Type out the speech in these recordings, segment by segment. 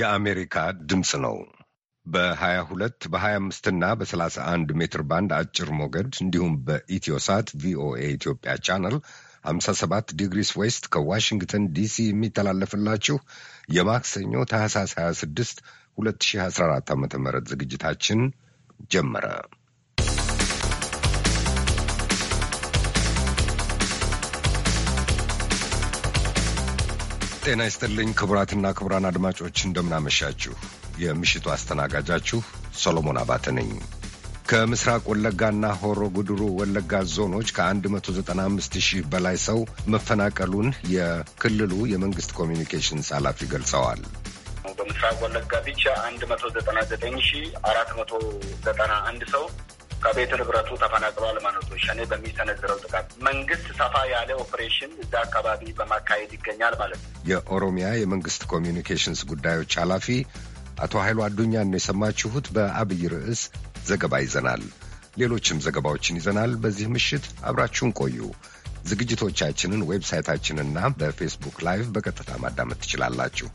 የአሜሪካ ድምፅ ነው። በ22 በ25 እና በ31 ሜትር ባንድ አጭር ሞገድ እንዲሁም በኢትዮሳት ቪኦኤ ኢትዮጵያ ቻነል 57 ዲግሪስ ዌስት ከዋሽንግተን ዲሲ የሚተላለፍላችሁ የማክሰኞ ታህሳስ 26 2014 ዓ ም ዝግጅታችን ጀመረ። ጤና ይስጥልኝ ክቡራትና ክቡራን አድማጮች እንደምናመሻችሁ። የምሽቱ አስተናጋጃችሁ ሰሎሞን አባተ ነኝ። ከምስራቅ ወለጋና ሆሮ ጉድሩ ወለጋ ዞኖች ከ195 ሺህ በላይ ሰው መፈናቀሉን የክልሉ የመንግስት ኮሚኒኬሽንስ ኃላፊ ገልጸዋል። በምስራቅ ወለጋ ብቻ 199 ሺህ 491 ሰው ከቤት ንብረቱ ተፈናቅሏል ማለት ነው። ሸኔ በሚሰነዝረው ጥቃት መንግስት ሰፋ ያለ ኦፕሬሽን እዛ አካባቢ በማካሄድ ይገኛል ማለት ነው። የኦሮሚያ የመንግስት ኮሚዩኒኬሽንስ ጉዳዮች ኃላፊ አቶ ኃይሉ አዱኛ ነው የሰማችሁት። በአብይ ርዕስ ዘገባ ይዘናል። ሌሎችም ዘገባዎችን ይዘናል። በዚህ ምሽት አብራችሁን ቆዩ። ዝግጅቶቻችንን ዌብሳይታችንና በፌስቡክ ላይቭ በቀጥታ ማዳመጥ ትችላላችሁ።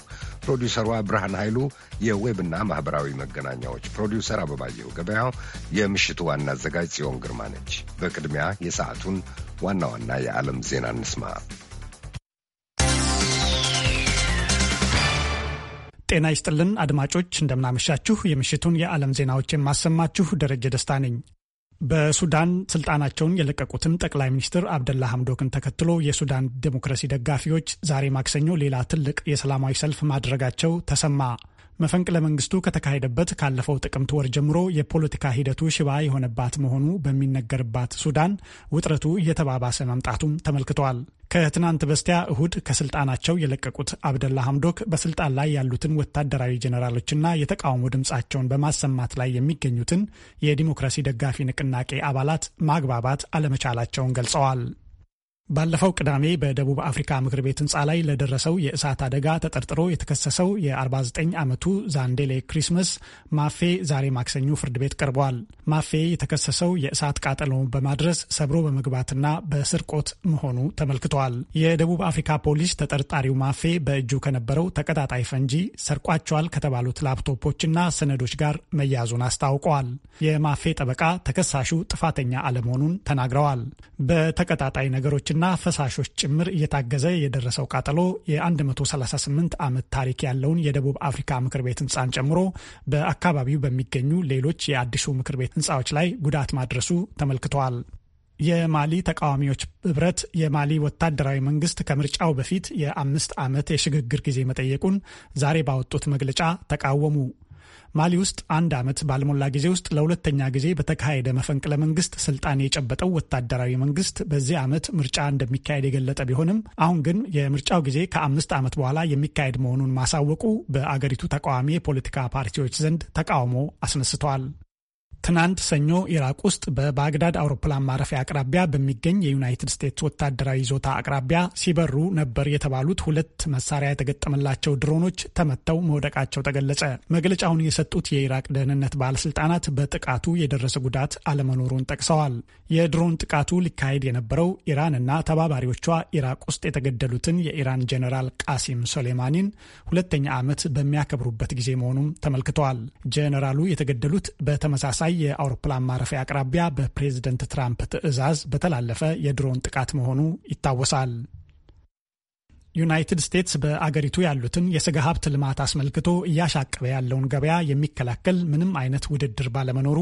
ፕሮዲውሰሯ ብርሃን ኃይሉ፣ የዌብና ማኅበራዊ መገናኛዎች ፕሮዲውሰር አበባየሁ ገበያው፣ የምሽቱ ዋና አዘጋጅ ጽዮን ግርማ ነች። በቅድሚያ የሰዓቱን ዋና ዋና የዓለም ዜና እንስማ። ጤና ይስጥልን አድማጮች፣ እንደምናመሻችሁ። የምሽቱን የዓለም ዜናዎችን ማሰማችሁ ደረጀ ደስታ ነኝ። በሱዳን ስልጣናቸውን የለቀቁትን ጠቅላይ ሚኒስትር አብደላ ሐምዶክን ተከትሎ የሱዳን ዴሞክራሲ ደጋፊዎች ዛሬ ማክሰኞ ሌላ ትልቅ የሰላማዊ ሰልፍ ማድረጋቸው ተሰማ። መፈንቅለ መንግስቱ ከተካሄደበት ካለፈው ጥቅምት ወር ጀምሮ የፖለቲካ ሂደቱ ሽባ የሆነባት መሆኑ በሚነገርባት ሱዳን ውጥረቱ እየተባባሰ መምጣቱም ተመልክቷል ከትናንት በስቲያ እሁድ ከስልጣናቸው የለቀቁት አብደላ ሐምዶክ በስልጣን ላይ ያሉትን ወታደራዊ ጀኔራሎችና የተቃውሞ ድምፃቸውን በማሰማት ላይ የሚገኙትን የዲሞክራሲ ደጋፊ ንቅናቄ አባላት ማግባባት አለመቻላቸውን ገልጸዋል። ባለፈው ቅዳሜ በደቡብ አፍሪካ ምክር ቤት ህንፃ ላይ ለደረሰው የእሳት አደጋ ተጠርጥሮ የተከሰሰው የ49 ዓመቱ ዛንዴሌ ክሪስመስ ማፌ ዛሬ ማክሰኞ ፍርድ ቤት ቀርቧል። ማፌ የተከሰሰው የእሳት ቃጠሎውን በማድረስ ሰብሮ በመግባትና በስርቆት መሆኑ ተመልክተዋል። የደቡብ አፍሪካ ፖሊስ ተጠርጣሪው ማፌ በእጁ ከነበረው ተቀጣጣይ ፈንጂ ሰርቋቸዋል ከተባሉት ላፕቶፖችና ሰነዶች ጋር መያዙን አስታውቀዋል። የማፌ ጠበቃ ተከሳሹ ጥፋተኛ አለመሆኑን ተናግረዋል። በተቀጣጣይ ነገሮች መድኃኒቶችና ፈሳሾች ጭምር እየታገዘ የደረሰው ቃጠሎ የ138 ዓመት ታሪክ ያለውን የደቡብ አፍሪካ ምክር ቤት ህንፃን ጨምሮ በአካባቢው በሚገኙ ሌሎች የአዲሱ ምክር ቤት ህንፃዎች ላይ ጉዳት ማድረሱ ተመልክተዋል። የማሊ ተቃዋሚዎች ህብረት የማሊ ወታደራዊ መንግስት ከምርጫው በፊት የአምስት ዓመት የሽግግር ጊዜ መጠየቁን ዛሬ ባወጡት መግለጫ ተቃወሙ። ማሊ ውስጥ አንድ ዓመት ባልሞላ ጊዜ ውስጥ ለሁለተኛ ጊዜ በተካሄደ መፈንቅለ መንግስት ስልጣን የጨበጠው ወታደራዊ መንግስት በዚህ ዓመት ምርጫ እንደሚካሄድ የገለጠ ቢሆንም አሁን ግን የምርጫው ጊዜ ከአምስት ዓመት በኋላ የሚካሄድ መሆኑን ማሳወቁ በአገሪቱ ተቃዋሚ የፖለቲካ ፓርቲዎች ዘንድ ተቃውሞ አስነስተዋል። ትናንት ሰኞ ኢራቅ ውስጥ በባግዳድ አውሮፕላን ማረፊያ አቅራቢያ በሚገኝ የዩናይትድ ስቴትስ ወታደራዊ ይዞታ አቅራቢያ ሲበሩ ነበር የተባሉት ሁለት መሳሪያ የተገጠመላቸው ድሮኖች ተመተው መውደቃቸው ተገለጸ። መግለጫውን የሰጡት የኢራቅ ደህንነት ባለስልጣናት በጥቃቱ የደረሰ ጉዳት አለመኖሩን ጠቅሰዋል። የድሮን ጥቃቱ ሊካሄድ የነበረው ኢራንና ተባባሪዎቿ ኢራቅ ውስጥ የተገደሉትን የኢራን ጀኔራል ቃሲም ሶሌማኒን ሁለተኛ ዓመት በሚያከብሩበት ጊዜ መሆኑም ተመልክተዋል። ጀኔራሉ የተገደሉት በተመሳሳይ የአውሮፕላን ማረፊያ አቅራቢያ በፕሬዝደንት ትራምፕ ትዕዛዝ በተላለፈ የድሮን ጥቃት መሆኑ ይታወሳል። ዩናይትድ ስቴትስ በአገሪቱ ያሉትን የስጋ ሀብት ልማት አስመልክቶ እያሻቀበ ያለውን ገበያ የሚከላከል ምንም አይነት ውድድር ባለመኖሩ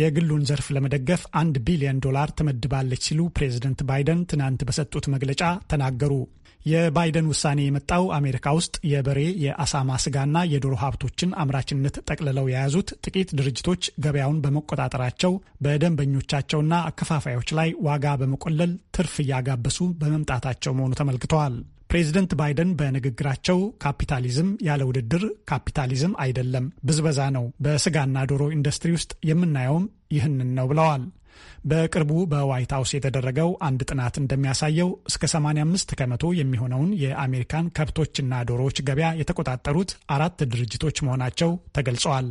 የግሉን ዘርፍ ለመደገፍ አንድ ቢሊዮን ዶላር ትመድባለች ሲሉ ፕሬዚደንት ባይደን ትናንት በሰጡት መግለጫ ተናገሩ። የባይደን ውሳኔ የመጣው አሜሪካ ውስጥ የበሬ የአሳማ ስጋና የዶሮ ሀብቶችን አምራችነት ጠቅልለው የያዙት ጥቂት ድርጅቶች ገበያውን በመቆጣጠራቸው በደንበኞቻቸውና አከፋፋዮች ላይ ዋጋ በመቆለል ትርፍ እያጋበሱ በመምጣታቸው መሆኑ ተመልክተዋል። ፕሬዚደንት ባይደን በንግግራቸው ካፒታሊዝም ያለ ውድድር ካፒታሊዝም አይደለም፣ ብዝበዛ ነው፣ በስጋና ዶሮ ኢንዱስትሪ ውስጥ የምናየውም ይህንን ነው ብለዋል። በቅርቡ በዋይት ሀውስ የተደረገው አንድ ጥናት እንደሚያሳየው እስከ 85 ከመቶ የሚሆነውን የአሜሪካን ከብቶችና ዶሮዎች ገበያ የተቆጣጠሩት አራት ድርጅቶች መሆናቸው ተገልጸዋል።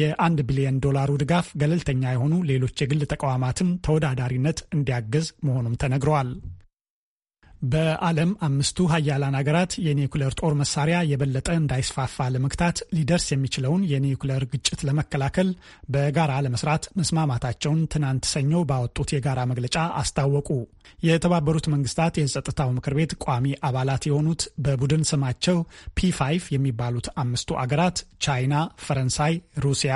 የአንድ ቢሊዮን ዶላሩ ድጋፍ ገለልተኛ የሆኑ ሌሎች የግል ተቋማትም ተወዳዳሪነት እንዲያግዝ መሆኑም ተነግረዋል። በዓለም አምስቱ ሀያላን ሀገራት የኒውክሌር ጦር መሳሪያ የበለጠ እንዳይስፋፋ ለመግታት ሊደርስ የሚችለውን የኒውክሌር ግጭት ለመከላከል በጋራ ለመስራት መስማማታቸውን ትናንት ሰኞ ባወጡት የጋራ መግለጫ አስታወቁ። የተባበሩት መንግስታት የጸጥታው ምክር ቤት ቋሚ አባላት የሆኑት በቡድን ስማቸው ፒ5 የሚባሉት አምስቱ አገራት ቻይና፣ ፈረንሳይ፣ ሩሲያ፣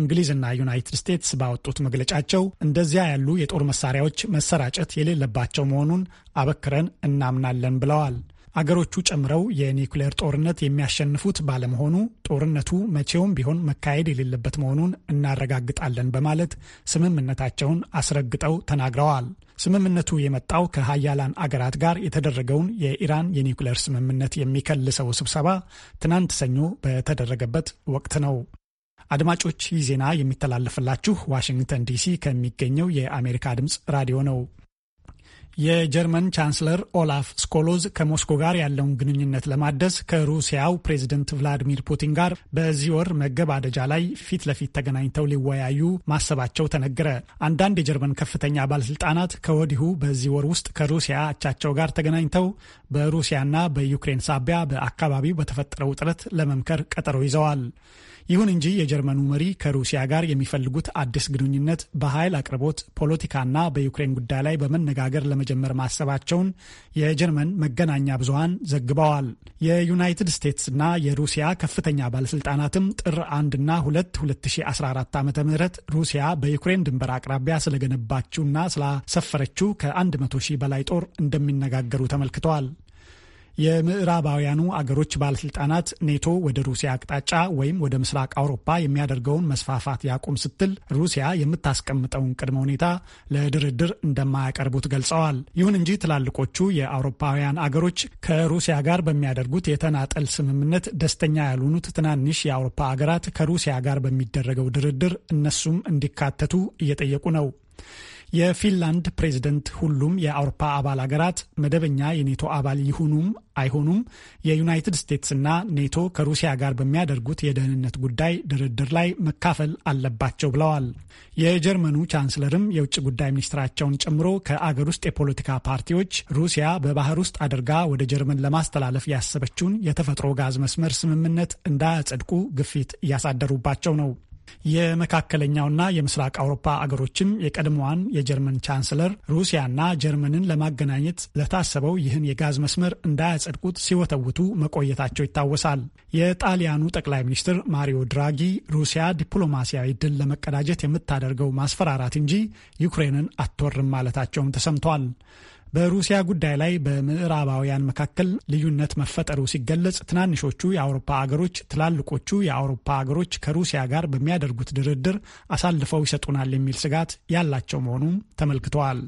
እንግሊዝና ዩናይትድ ስቴትስ ባወጡት መግለጫቸው እንደዚያ ያሉ የጦር መሳሪያዎች መሰራጨት የሌለባቸው መሆኑን አበክረን እናምናለን ብለዋል። አገሮቹ ጨምረው የኒውክሌር ጦርነት የሚያሸንፉት ባለመሆኑ ጦርነቱ መቼውም ቢሆን መካሄድ የሌለበት መሆኑን እናረጋግጣለን በማለት ስምምነታቸውን አስረግጠው ተናግረዋል። ስምምነቱ የመጣው ከሀያላን አገራት ጋር የተደረገውን የኢራን የኒውክሌር ስምምነት የሚከልሰው ስብሰባ ትናንት ሰኞ በተደረገበት ወቅት ነው። አድማጮች ይህ ዜና የሚተላለፍላችሁ ዋሽንግተን ዲሲ ከሚገኘው የአሜሪካ ድምፅ ራዲዮ ነው። የጀርመን ቻንስለር ኦላፍ ስኮሎዝ ከሞስኮ ጋር ያለውን ግንኙነት ለማደስ ከሩሲያው ፕሬዝደንት ቭላዲሚር ፑቲን ጋር በዚህ ወር መገባደጃ ላይ ፊት ለፊት ተገናኝተው ሊወያዩ ማሰባቸው ተነግረ። አንዳንድ የጀርመን ከፍተኛ ባለስልጣናት ከወዲሁ በዚህ ወር ውስጥ ከሩሲያ አቻቸው ጋር ተገናኝተው በሩሲያና በዩክሬን ሳቢያ በአካባቢው በተፈጠረው ውጥረት ለመምከር ቀጠሮ ይዘዋል። ይሁን እንጂ የጀርመኑ መሪ ከሩሲያ ጋር የሚፈልጉት አዲስ ግንኙነት በኃይል አቅርቦት፣ ፖለቲካና በዩክሬን ጉዳይ ላይ በመነጋገር ለመጀመር ማሰባቸውን የጀርመን መገናኛ ብዙሃን ዘግበዋል። የዩናይትድ ስቴትስ እና የሩሲያ ከፍተኛ ባለስልጣናትም ጥር 1ና 2 2014 ዓ ም ሩሲያ በዩክሬን ድንበር አቅራቢያ ስለገነባችውና ስላሰፈረችው ከ100 ሺህ በላይ ጦር እንደሚነጋገሩ ተመልክተዋል። የምዕራባውያኑ አገሮች ባለስልጣናት ኔቶ ወደ ሩሲያ አቅጣጫ ወይም ወደ ምስራቅ አውሮፓ የሚያደርገውን መስፋፋት ያቁም ስትል ሩሲያ የምታስቀምጠውን ቅድመ ሁኔታ ለድርድር እንደማያቀርቡት ገልጸዋል። ይሁን እንጂ ትላልቆቹ የአውሮፓውያን አገሮች ከሩሲያ ጋር በሚያደርጉት የተናጠል ስምምነት ደስተኛ ያልሆኑት ትናንሽ የአውሮፓ አገራት ከሩሲያ ጋር በሚደረገው ድርድር እነሱም እንዲካተቱ እየጠየቁ ነው። የፊንላንድ ፕሬዝደንት ሁሉም የአውሮፓ አባል አገራት መደበኛ የኔቶ አባል ይሁኑም አይሆኑም የዩናይትድ ስቴትስና ኔቶ ከሩሲያ ጋር በሚያደርጉት የደህንነት ጉዳይ ድርድር ላይ መካፈል አለባቸው ብለዋል። የጀርመኑ ቻንስለርም የውጭ ጉዳይ ሚኒስትራቸውን ጨምሮ ከአገር ውስጥ የፖለቲካ ፓርቲዎች ሩሲያ በባህር ውስጥ አድርጋ ወደ ጀርመን ለማስተላለፍ ያሰበችውን የተፈጥሮ ጋዝ መስመር ስምምነት እንዳያጸድቁ ግፊት እያሳደሩባቸው ነው። የመካከለኛውና የምስራቅ አውሮፓ አገሮችም የቀድሞዋን የጀርመን ቻንስለር ሩሲያና ጀርመንን ለማገናኘት ለታሰበው ይህን የጋዝ መስመር እንዳያጸድቁት ሲወተውቱ መቆየታቸው ይታወሳል። የጣሊያኑ ጠቅላይ ሚኒስትር ማሪዮ ድራጊ ሩሲያ ዲፕሎማሲያዊ ድል ለመቀዳጀት የምታደርገው ማስፈራራት እንጂ ዩክሬንን አትወርም ማለታቸውም ተሰምቷል። በሩሲያ ጉዳይ ላይ በምዕራባውያን መካከል ልዩነት መፈጠሩ ሲገለጽ ትናንሾቹ የአውሮፓ አገሮች ትላልቆቹ የአውሮፓ አገሮች ከሩሲያ ጋር በሚያደርጉት ድርድር አሳልፈው ይሰጡናል የሚል ስጋት ያላቸው መሆኑም ተመልክተዋል።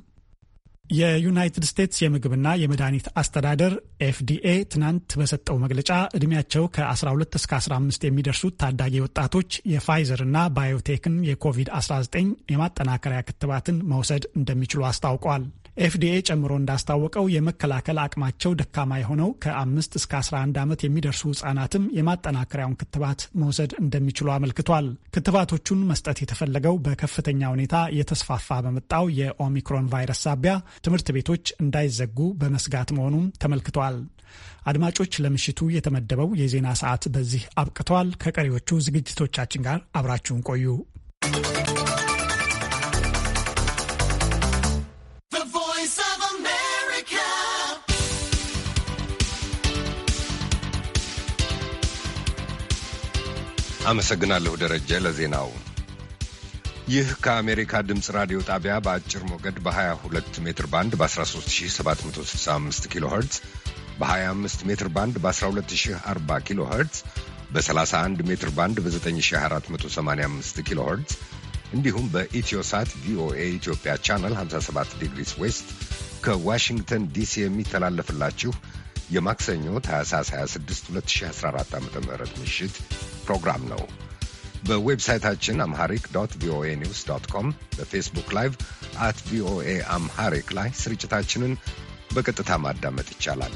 የዩናይትድ ስቴትስ የምግብና የመድኃኒት አስተዳደር ኤፍዲኤ ትናንት በሰጠው መግለጫ ዕድሜያቸው ከ12 እስከ 15 የሚደርሱት ታዳጊ ወጣቶች የፋይዘር እና ባዮቴክን የኮቪድ-19 የማጠናከሪያ ክትባትን መውሰድ እንደሚችሉ አስታውቋል። ኤፍዲኤ ጨምሮ እንዳስታወቀው የመከላከል አቅማቸው ደካማ የሆነው ከአምስት እስከ 11 ዓመት የሚደርሱ ህጻናትም የማጠናከሪያውን ክትባት መውሰድ እንደሚችሉ አመልክቷል። ክትባቶቹን መስጠት የተፈለገው በከፍተኛ ሁኔታ የተስፋፋ በመጣው የኦሚክሮን ቫይረስ ሳቢያ ትምህርት ቤቶች እንዳይዘጉ በመስጋት መሆኑም ተመልክቷል። አድማጮች፣ ለምሽቱ የተመደበው የዜና ሰዓት በዚህ አብቅተዋል። ከቀሪዎቹ ዝግጅቶቻችን ጋር አብራችሁን ቆዩ። አመሰግናለሁ ደረጀ ለዜናው። ይህ ከአሜሪካ ድምፅ ራዲዮ ጣቢያ በአጭር ሞገድ በ22 ሜትር ባንድ በ13765 ኪሎ ኸርትዝ በ25 ሜትር ባንድ በ1240 ኪሎ ኸርትዝ በ31 ሜትር ባንድ በ9485 ኪሎ ኸርትዝ እንዲሁም በኢትዮሳት ቪኦኤ ኢትዮጵያ ቻናል 57 ዲግሪስ ዌስት ከዋሽንግተን ዲሲ የሚተላለፍላችሁ የማክሰኞ ታህሳስ 26 2014 ዓ ም ምሽት ፕሮግራም ነው። በዌብሳይታችን አምሃሪክ ዶት ቪኦኤ ኒውስ ዶት ኮም በፌስቡክ ላይቭ አት ቪኦኤ አምሃሪክ ላይ ስርጭታችንን በቀጥታ ማዳመጥ ይቻላል።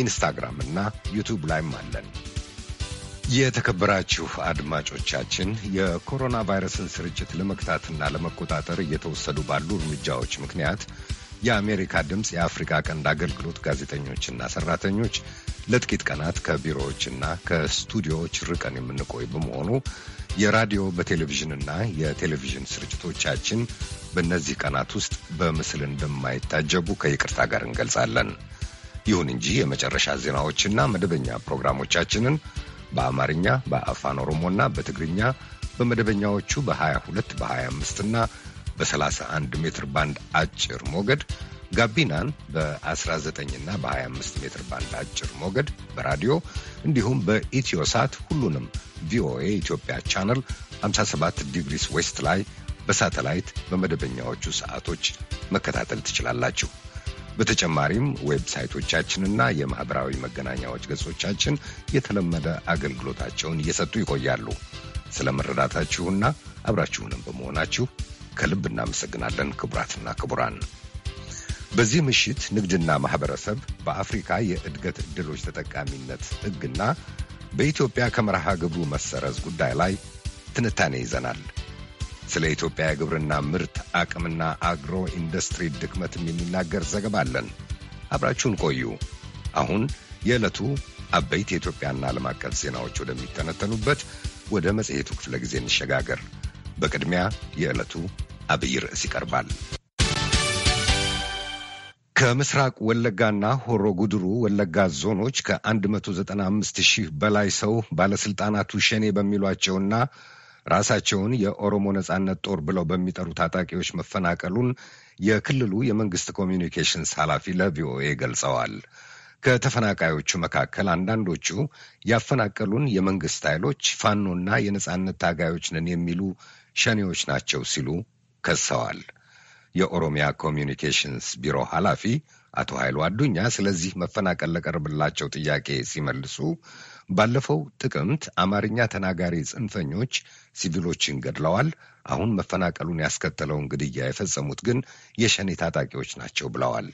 ኢንስታግራም እና ዩቱብ ላይም አለን። የተከበራችሁ አድማጮቻችን የኮሮና ቫይረስን ስርጭት ለመግታትና ለመቆጣጠር እየተወሰዱ ባሉ እርምጃዎች ምክንያት የአሜሪካ ድምፅ የአፍሪካ ቀንድ አገልግሎት ጋዜጠኞችና ሰራተኞች ለጥቂት ቀናት ከቢሮዎችና ከስቱዲዮዎች ርቀን የምንቆይ በመሆኑ የራዲዮ በቴሌቪዥንና የቴሌቪዥን ስርጭቶቻችን በእነዚህ ቀናት ውስጥ በምስል እንደማይታጀቡ ከይቅርታ ጋር እንገልጻለን። ይሁን እንጂ የመጨረሻ ዜናዎችና መደበኛ ፕሮግራሞቻችንን በአማርኛ በአፋን ኦሮሞና በትግርኛ በመደበኛዎቹ በ22 በ25 እና በ31 ሜትር ባንድ አጭር ሞገድ ጋቢናን በ19 እና በ25 ሜትር ባንድ አጭር ሞገድ በራዲዮ እንዲሁም በኢትዮሳት ሁሉንም ቪኦኤ ኢትዮጵያ ቻነል 57 ዲግሪስ ዌስት ላይ በሳተላይት በመደበኛዎቹ ሰዓቶች መከታተል ትችላላችሁ። በተጨማሪም ዌብሳይቶቻችንና የማኅበራዊ መገናኛዎች ገጾቻችን የተለመደ አገልግሎታቸውን እየሰጡ ይቆያሉ። ስለ መረዳታችሁና አብራችሁንም በመሆናችሁ ከልብ እናመሰግናለን። ክቡራትና ክቡራን በዚህ ምሽት ንግድና ማኅበረሰብ በአፍሪካ የእድገት ዕድሎች ተጠቃሚነት ሕግና በኢትዮጵያ ከመርሃ ግብሩ መሰረዝ ጉዳይ ላይ ትንታኔ ይዘናል። ስለ ኢትዮጵያ የግብርና ምርት አቅምና አግሮ ኢንዱስትሪ ድክመትም የሚናገር ዘገባ አለን። አብራችሁን ቆዩ። አሁን የዕለቱ አበይት የኢትዮጵያና ዓለም አቀፍ ዜናዎች ወደሚተነተኑበት ወደ መጽሔቱ ክፍለ ጊዜ እንሸጋገር። በቅድሚያ የዕለቱ አብይ ርዕስ ይቀርባል። ከምስራቅ ወለጋና ሆሮ ጉድሩ ወለጋ ዞኖች ከ195 ሺህ በላይ ሰው ባለስልጣናቱ ሸኔ በሚሏቸውና ራሳቸውን የኦሮሞ ነጻነት ጦር ብለው በሚጠሩ ታጣቂዎች መፈናቀሉን የክልሉ የመንግስት ኮሚኒኬሽንስ ኃላፊ ለቪኦኤ ገልጸዋል። ከተፈናቃዮቹ መካከል አንዳንዶቹ ያፈናቀሉን የመንግስት ኃይሎች ፋኖና የነጻነት ታጋዮች ነን የሚሉ ሸኔዎች ናቸው ሲሉ ከሰዋል። የኦሮሚያ ኮሚዩኒኬሽንስ ቢሮ ኃላፊ አቶ ኃይሉ አዱኛ ስለዚህ መፈናቀል ለቀረበላቸው ጥያቄ ሲመልሱ ባለፈው ጥቅምት አማርኛ ተናጋሪ ጽንፈኞች ሲቪሎችን ገድለዋል። አሁን መፈናቀሉን ያስከተለውን ግድያ የፈጸሙት ግን የሸኔ ታጣቂዎች ናቸው ብለዋል።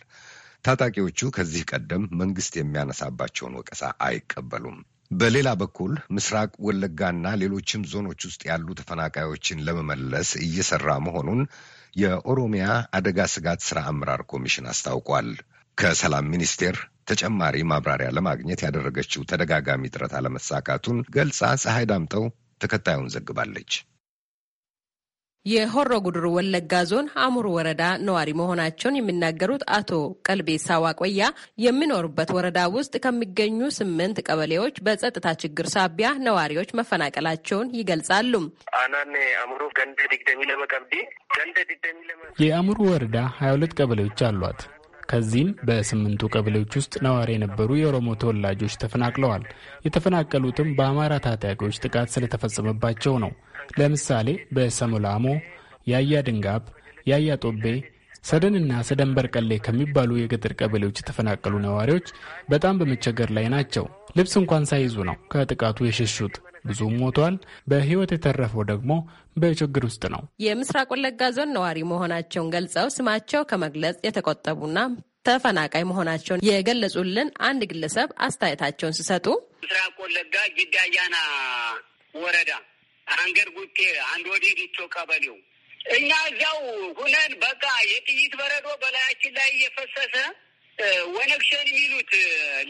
ታጣቂዎቹ ከዚህ ቀደም መንግስት የሚያነሳባቸውን ወቀሳ አይቀበሉም። በሌላ በኩል ምስራቅ ወለጋና ሌሎችም ዞኖች ውስጥ ያሉ ተፈናቃዮችን ለመመለስ እየሰራ መሆኑን የኦሮሚያ አደጋ ስጋት ስራ አመራር ኮሚሽን አስታውቋል። ከሰላም ሚኒስቴር ተጨማሪ ማብራሪያ ለማግኘት ያደረገችው ተደጋጋሚ ጥረት አለመሳካቱን ገልጻ ፀሐይ ዳምጠው ተከታዩን ዘግባለች። የሆሮ ጉድሩ ወለጋ ዞን አሙር ወረዳ ነዋሪ መሆናቸውን የሚናገሩት አቶ ቀልቤሳ ዋቆያ የሚኖሩበት ወረዳ ውስጥ ከሚገኙ ስምንት ቀበሌዎች በጸጥታ ችግር ሳቢያ ነዋሪዎች መፈናቀላቸውን ይገልጻሉ። የአሙር ወረዳ ሀያ ሁለት ቀበሌዎች አሏት። ከዚህም በስምንቱ ቀበሌዎች ውስጥ ነዋሪ የነበሩ የኦሮሞ ተወላጆች ተፈናቅለዋል። የተፈናቀሉትም በአማራ ታጣቂዎች ጥቃት ስለተፈጸመባቸው ነው። ለምሳሌ በሰሞላሞ፣ ያያ ድንጋብ፣ ያያ ጦቤ፣ ሰደንና ሰደን በርቀሌ ከሚባሉ የገጠር ቀበሌዎች የተፈናቀሉ ነዋሪዎች በጣም በመቸገር ላይ ናቸው። ልብስ እንኳን ሳይዙ ነው ከጥቃቱ የሸሹት። ብዙም ሞቷል። በህይወት የተረፈው ደግሞ በችግር ውስጥ ነው። የምስራቅ ወለጋ ዞን ነዋሪ መሆናቸውን ገልጸው ስማቸው ከመግለጽ የተቆጠቡና ተፈናቃይ መሆናቸውን የገለጹልን አንድ ግለሰብ አስተያየታቸውን ሲሰጡ ምስራቅ ወለጋ ጅዳ ወረዳ አንገር ጉቴ አንድ ወዴ ዲቾ ቀበሌው እኛ እዚያው ሁነን በቃ የጥይት በረዶ በላያችን ላይ እየፈሰሰ ወነግሸን የሚሉት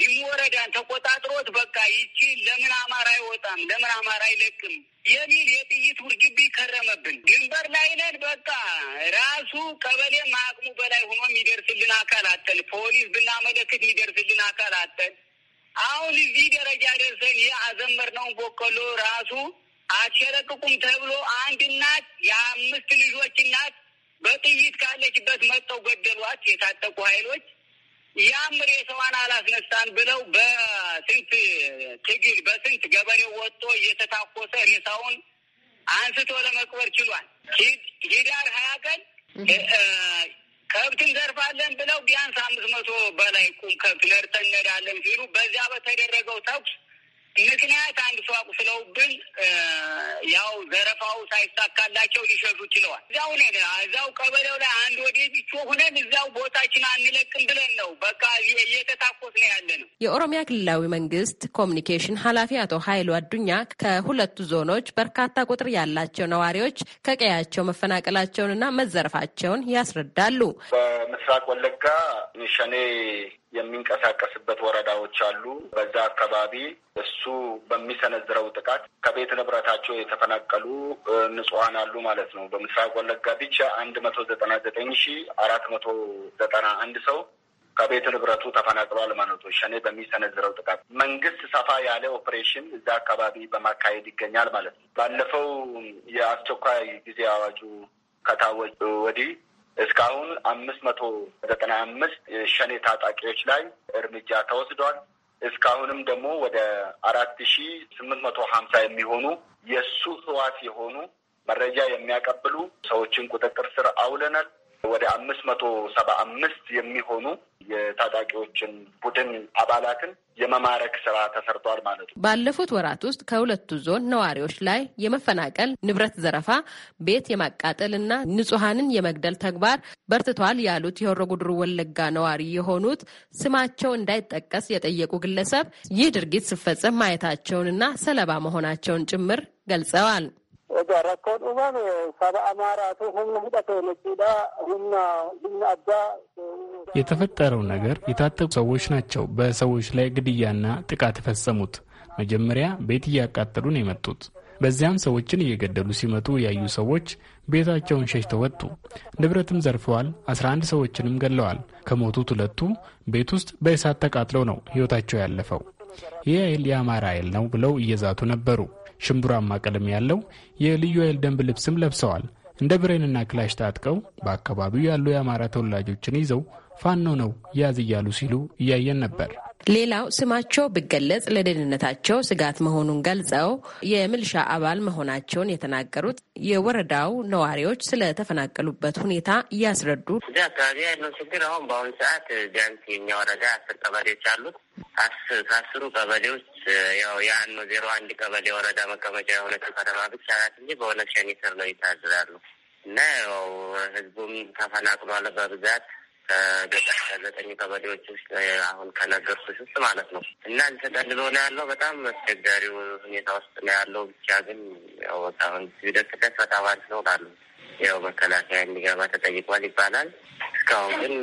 ሊሙ ወረዳን ተቆጣጥሮት በቃ ይቺ ለምን አማራ አይወጣም ለምን አማራ አይለቅም የሚል የጥይት ውርግቢ ከረመብን። ግንበር ላይ ነን። በቃ ራሱ ቀበሌ ማቅሙ በላይ ሆኖ የሚደርስልን አካል አጠን፣ ፖሊስ ብናመለክት የሚደርስልን አካል አጠን። አሁን እዚህ ደረጃ ደርሰን ይህ አዘመርነውን ቦቀሎ ራሱ አትሸረቅቁም ተብሎ አንድ እናት የአምስት ልጆች እናት በጥይት ካለችበት መጠው ገደሏት የታጠቁ ኃይሎች። ያም ሬሳዋን አላስነሳን ብለው በስንት ትግል በስንት ገበሬው ወጥቶ እየተታኮሰ ሬሳውን አንስቶ ለመቅበር ችሏል። ሂዳር ሀያ ቀን ከብትን ዘርፋለን ብለው ቢያንስ አምስት መቶ በላይ ቁም ከብት ነርተን እንሄዳለን ሲሉ በዚያ በተደረገው ተኩስ ምክንያት አንድ ሰው አቁስለውብን ያው ዘረፋው ሳይሳካላቸው ሊሸሹ ችለዋል። እዛው ነ እዛው ቀበሌው ላይ አንድ ቢቾ ሁነን እዛው ቦታችን አንለቅም ብለን ነው በቃ እየተታኮስ ነው ያለ ነው። የኦሮሚያ ክልላዊ መንግስት ኮሚኒኬሽን ኃላፊ አቶ ሀይሉ አዱኛ ከሁለቱ ዞኖች በርካታ ቁጥር ያላቸው ነዋሪዎች ከቀያቸው መፈናቀላቸውንና መዘረፋቸውን ያስረዳሉ። በምስራቅ ወለጋ ሸኔ የሚንቀሳቀስበት ወረዳዎች አሉ። በዛ አካባቢ እሱ በሚሰነዝረው ጥቃት ከቤት ንብረታቸው የተፈናቀሉ ንጹሀን አሉ ማለት ነው። በምስራቅ ወለጋ ብቻ አንድ መቶ ዘጠና ዘጠኝ ሺ አራት መቶ ዘጠና አንድ ሰው ከቤት ንብረቱ ተፈናቅሏል ማለት ነው። ሸኔ በሚሰነዝረው ጥቃት መንግስት ሰፋ ያለ ኦፕሬሽን እዛ አካባቢ በማካሄድ ይገኛል ማለት ነው። ባለፈው የአስቸኳይ ጊዜ አዋጁ ከታወጅ ወዲህ እስካሁን አምስት መቶ ዘጠና አምስት ሸኔ ታጣቂዎች ላይ እርምጃ ተወስዷል። እስካሁንም ደግሞ ወደ አራት ሺ ስምንት መቶ ሀምሳ የሚሆኑ የእሱ ህዋስ የሆኑ መረጃ የሚያቀብሉ ሰዎችን ቁጥጥር ስር አውለናል። ወደ አምስት መቶ ሰባ አምስት የሚሆኑ የታጣቂዎችን ቡድን አባላትን የመማረክ ስራ ተሰርቷል ማለት ነው። ባለፉት ወራት ውስጥ ከሁለቱ ዞን ነዋሪዎች ላይ የመፈናቀል፣ ንብረት ዘረፋ፣ ቤት የማቃጠል እና ንጹሐንን የመግደል ተግባር በርትቷል ያሉት የሆሮ ጉድሩ ወለጋ ነዋሪ የሆኑት ስማቸው እንዳይጠቀስ የጠየቁ ግለሰብ ይህ ድርጊት ስፈጸም ማየታቸውንና ሰለባ መሆናቸውን ጭምር ገልጸዋል። rakkoo uumame saba Amaaraatu humna hidhatee jechuudha humna humna addaa የተፈጠረው ነገር የታጠቁ ሰዎች ናቸው በሰዎች ላይ ግድያና ጥቃት የፈጸሙት። መጀመሪያ ቤት እያቃጠሉ ነው የመጡት። በዚያም ሰዎችን እየገደሉ ሲመጡ ያዩ ሰዎች ቤታቸውን ሸሽተው ወጡ። ንብረትም ዘርፈዋል። አንድ ሰዎችንም ገለዋል። ከሞቱት ሁለቱ ቤት ውስጥ በእሳት ተቃጥለው ነው ሕይወታቸው ያለፈው። ይህ ኃይል የአማራ ኃይል ነው ብለው እየዛቱ ነበሩ። ሽምብራማ ቀለም ያለው የልዩ ኃይል ደንብ ልብስም ለብሰዋል። እንደ ብሬንና ክላሽ ታጥቀው በአካባቢው ያሉ የአማራ ተወላጆችን ይዘው ፋኖ ነው ያዝ እያሉ ሲሉ እያየን ነበር። ሌላው ስማቸው ቢገለጽ ለደህንነታቸው ስጋት መሆኑን ገልጸው የምልሻ አባል መሆናቸውን የተናገሩት የወረዳው ነዋሪዎች ስለተፈናቀሉበት ሁኔታ እያስረዱ እዚ አካባቢ ያለው ችግር አሁን በአሁኑ ሰዓት ቢያንስ የኛ ወረዳ አስር ቀበሌዎች አሉት። ከአስሩ ቀበሌዎች ያው የአኖ ዜሮ አንድ ቀበሌ ወረዳ መቀመጫ የሆነችው ከተማ ብቻ ናት እንጂ በሆነ ሸኔ ስር ነው ይታዝራሉ እና ያው ህዝቡም ተፈናቅሏል በብዛት ዘጠኝ ቀበሌዎች ውስጥ አሁን ከነገርኩሽ ውስጥ ማለት ነው እና ተጠልሎ ነው ያለው። በጣም አስቸጋሪው ሁኔታ ውስጥ ነው ያለው። ብቻ ግን ያው አሁን ቢደቅቀት በጣም አሪፍ ነው ላሉ ያው መከላከያ እንዲገባ ተጠይቋል ይባላል። እስካሁን ግን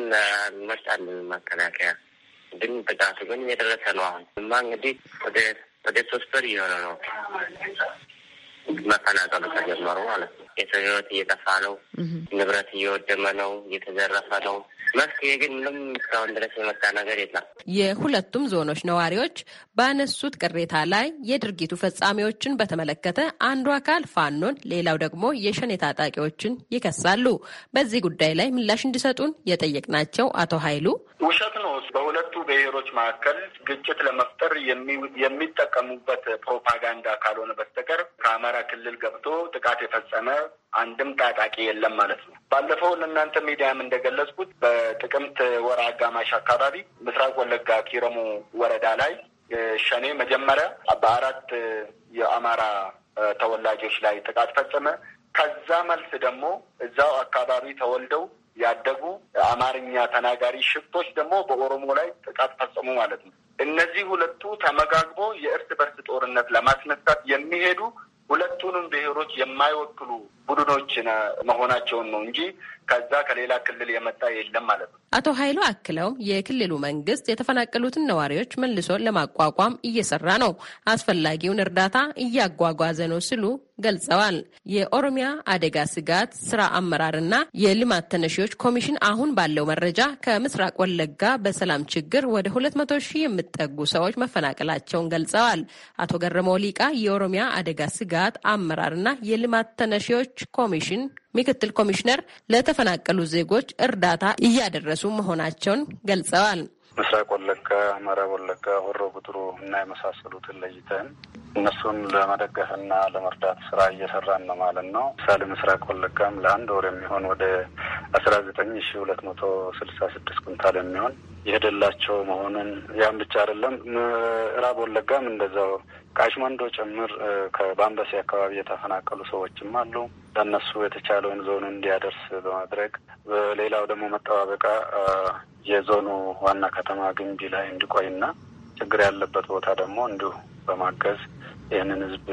አልመጣልም መከላከያ ግን ጥቃቱ ግን እየደረሰ ነው። አሁን እማ እንግዲህ ወደ ሶስት ወር እየሆነ ነው መፈናቀሉ ተጀመሩ ማለት ነው። የሰው ህይወት እየጠፋ ነው፣ ንብረት እየወደመ ነው፣ እየተዘረፈ ነው። መፍትሄ ግን ምንም እስካሁን ድረስ የመጣ ነገር የለም። የሁለቱም ዞኖች ነዋሪዎች ባነሱት ቅሬታ ላይ የድርጊቱ ፈጻሚዎችን በተመለከተ አንዱ አካል ፋኖን፣ ሌላው ደግሞ የሸኔ ታጣቂዎችን ይከሳሉ። በዚህ ጉዳይ ላይ ምላሽ እንዲሰጡን የጠየቅናቸው አቶ ኃይሉ ውሸት ነው። በሁለቱ ብሔሮች መካከል ግጭት ለመፍጠር የሚጠቀሙበት ፕሮፓጋንዳ ካልሆነ በስተቀር ከአማራ ክልል ገብቶ ጥቃት የፈጸመ አንድም ታጣቂ የለም ማለት ነው። ባለፈው ለእናንተ ሚዲያም እንደገለጽኩት በጥቅምት ወር አጋማሽ አካባቢ ምስራቅ ወለጋ ኪረሙ ወረዳ ላይ ሸኔ መጀመሪያ በአራት የአማራ ተወላጆች ላይ ጥቃት ፈጸመ። ከዛ መልስ ደግሞ እዛው አካባቢ ተወልደው ያደጉ አማርኛ ተናጋሪ ሽፍቶች ደግሞ በኦሮሞ ላይ ጥቃት ፈጸሙ ማለት ነው። እነዚህ ሁለቱ ተመጋግቦ የእርስ በርስ ጦርነት ለማስነሳት የሚሄዱ ሁለቱንም ብሔሮች የማይወክሉ ቡድኖች መሆናቸውን ነው እንጂ ከዛ ከሌላ ክልል የመጣ የለም ማለት ነው። አቶ ኃይሉ አክለው የክልሉ መንግስት የተፈናቀሉትን ነዋሪዎች መልሶ ለማቋቋም እየሰራ ነው፣ አስፈላጊውን እርዳታ እያጓጓዘ ነው ሲሉ ገልጸዋል። የኦሮሚያ አደጋ ስጋት ስራ አመራርና የልማት ተነሺዎች ኮሚሽን አሁን ባለው መረጃ ከምስራቅ ወለጋ በሰላም ችግር ወደ ሁለት መቶ ሺህ የሚጠጉ ሰዎች መፈናቀላቸውን ገልጸዋል። አቶ ገረመው ሊቃ የኦሮሚያ አደጋ ስጋት አመራርና የልማት ተነሺዎች ኮሚሽን ምክትል ኮሚሽነር ለተፈናቀሉ ዜጎች እርዳታ እያደረሱ መሆናቸውን ገልጸዋል። ምስራቅ ወለጋ፣ ምዕራብ ወለጋ፣ ሆሮ ጉድሩ እና የመሳሰሉትን ለይተን እነሱን ለመደገፍና ለመርዳት ስራ እየሰራን ነው ማለት ነው። ምሳሌ ምስራቅ ወለጋም ለአንድ ወር የሚሆን ወደ አስራ ዘጠኝ ሺ ሁለት መቶ ስልሳ ስድስት ኩንታል የሚሆን የሄደላቸው መሆኑን ያን ብቻ አይደለም። ምዕራብ ወለጋም እንደዛው ቃሽመንዶ ጭምር ከባምበሴ አካባቢ የተፈናቀሉ ሰዎችም አሉ። ለእነሱ የተቻለውን ዞኑ እንዲያደርስ በማድረግ በሌላው ደግሞ መጠባበቂያ የዞኑ ዋና ከተማ ግንቢ ላይ እንዲቆይና ችግር ያለበት ቦታ ደግሞ እንዲሁ በማገዝ ይህንን ህዝብ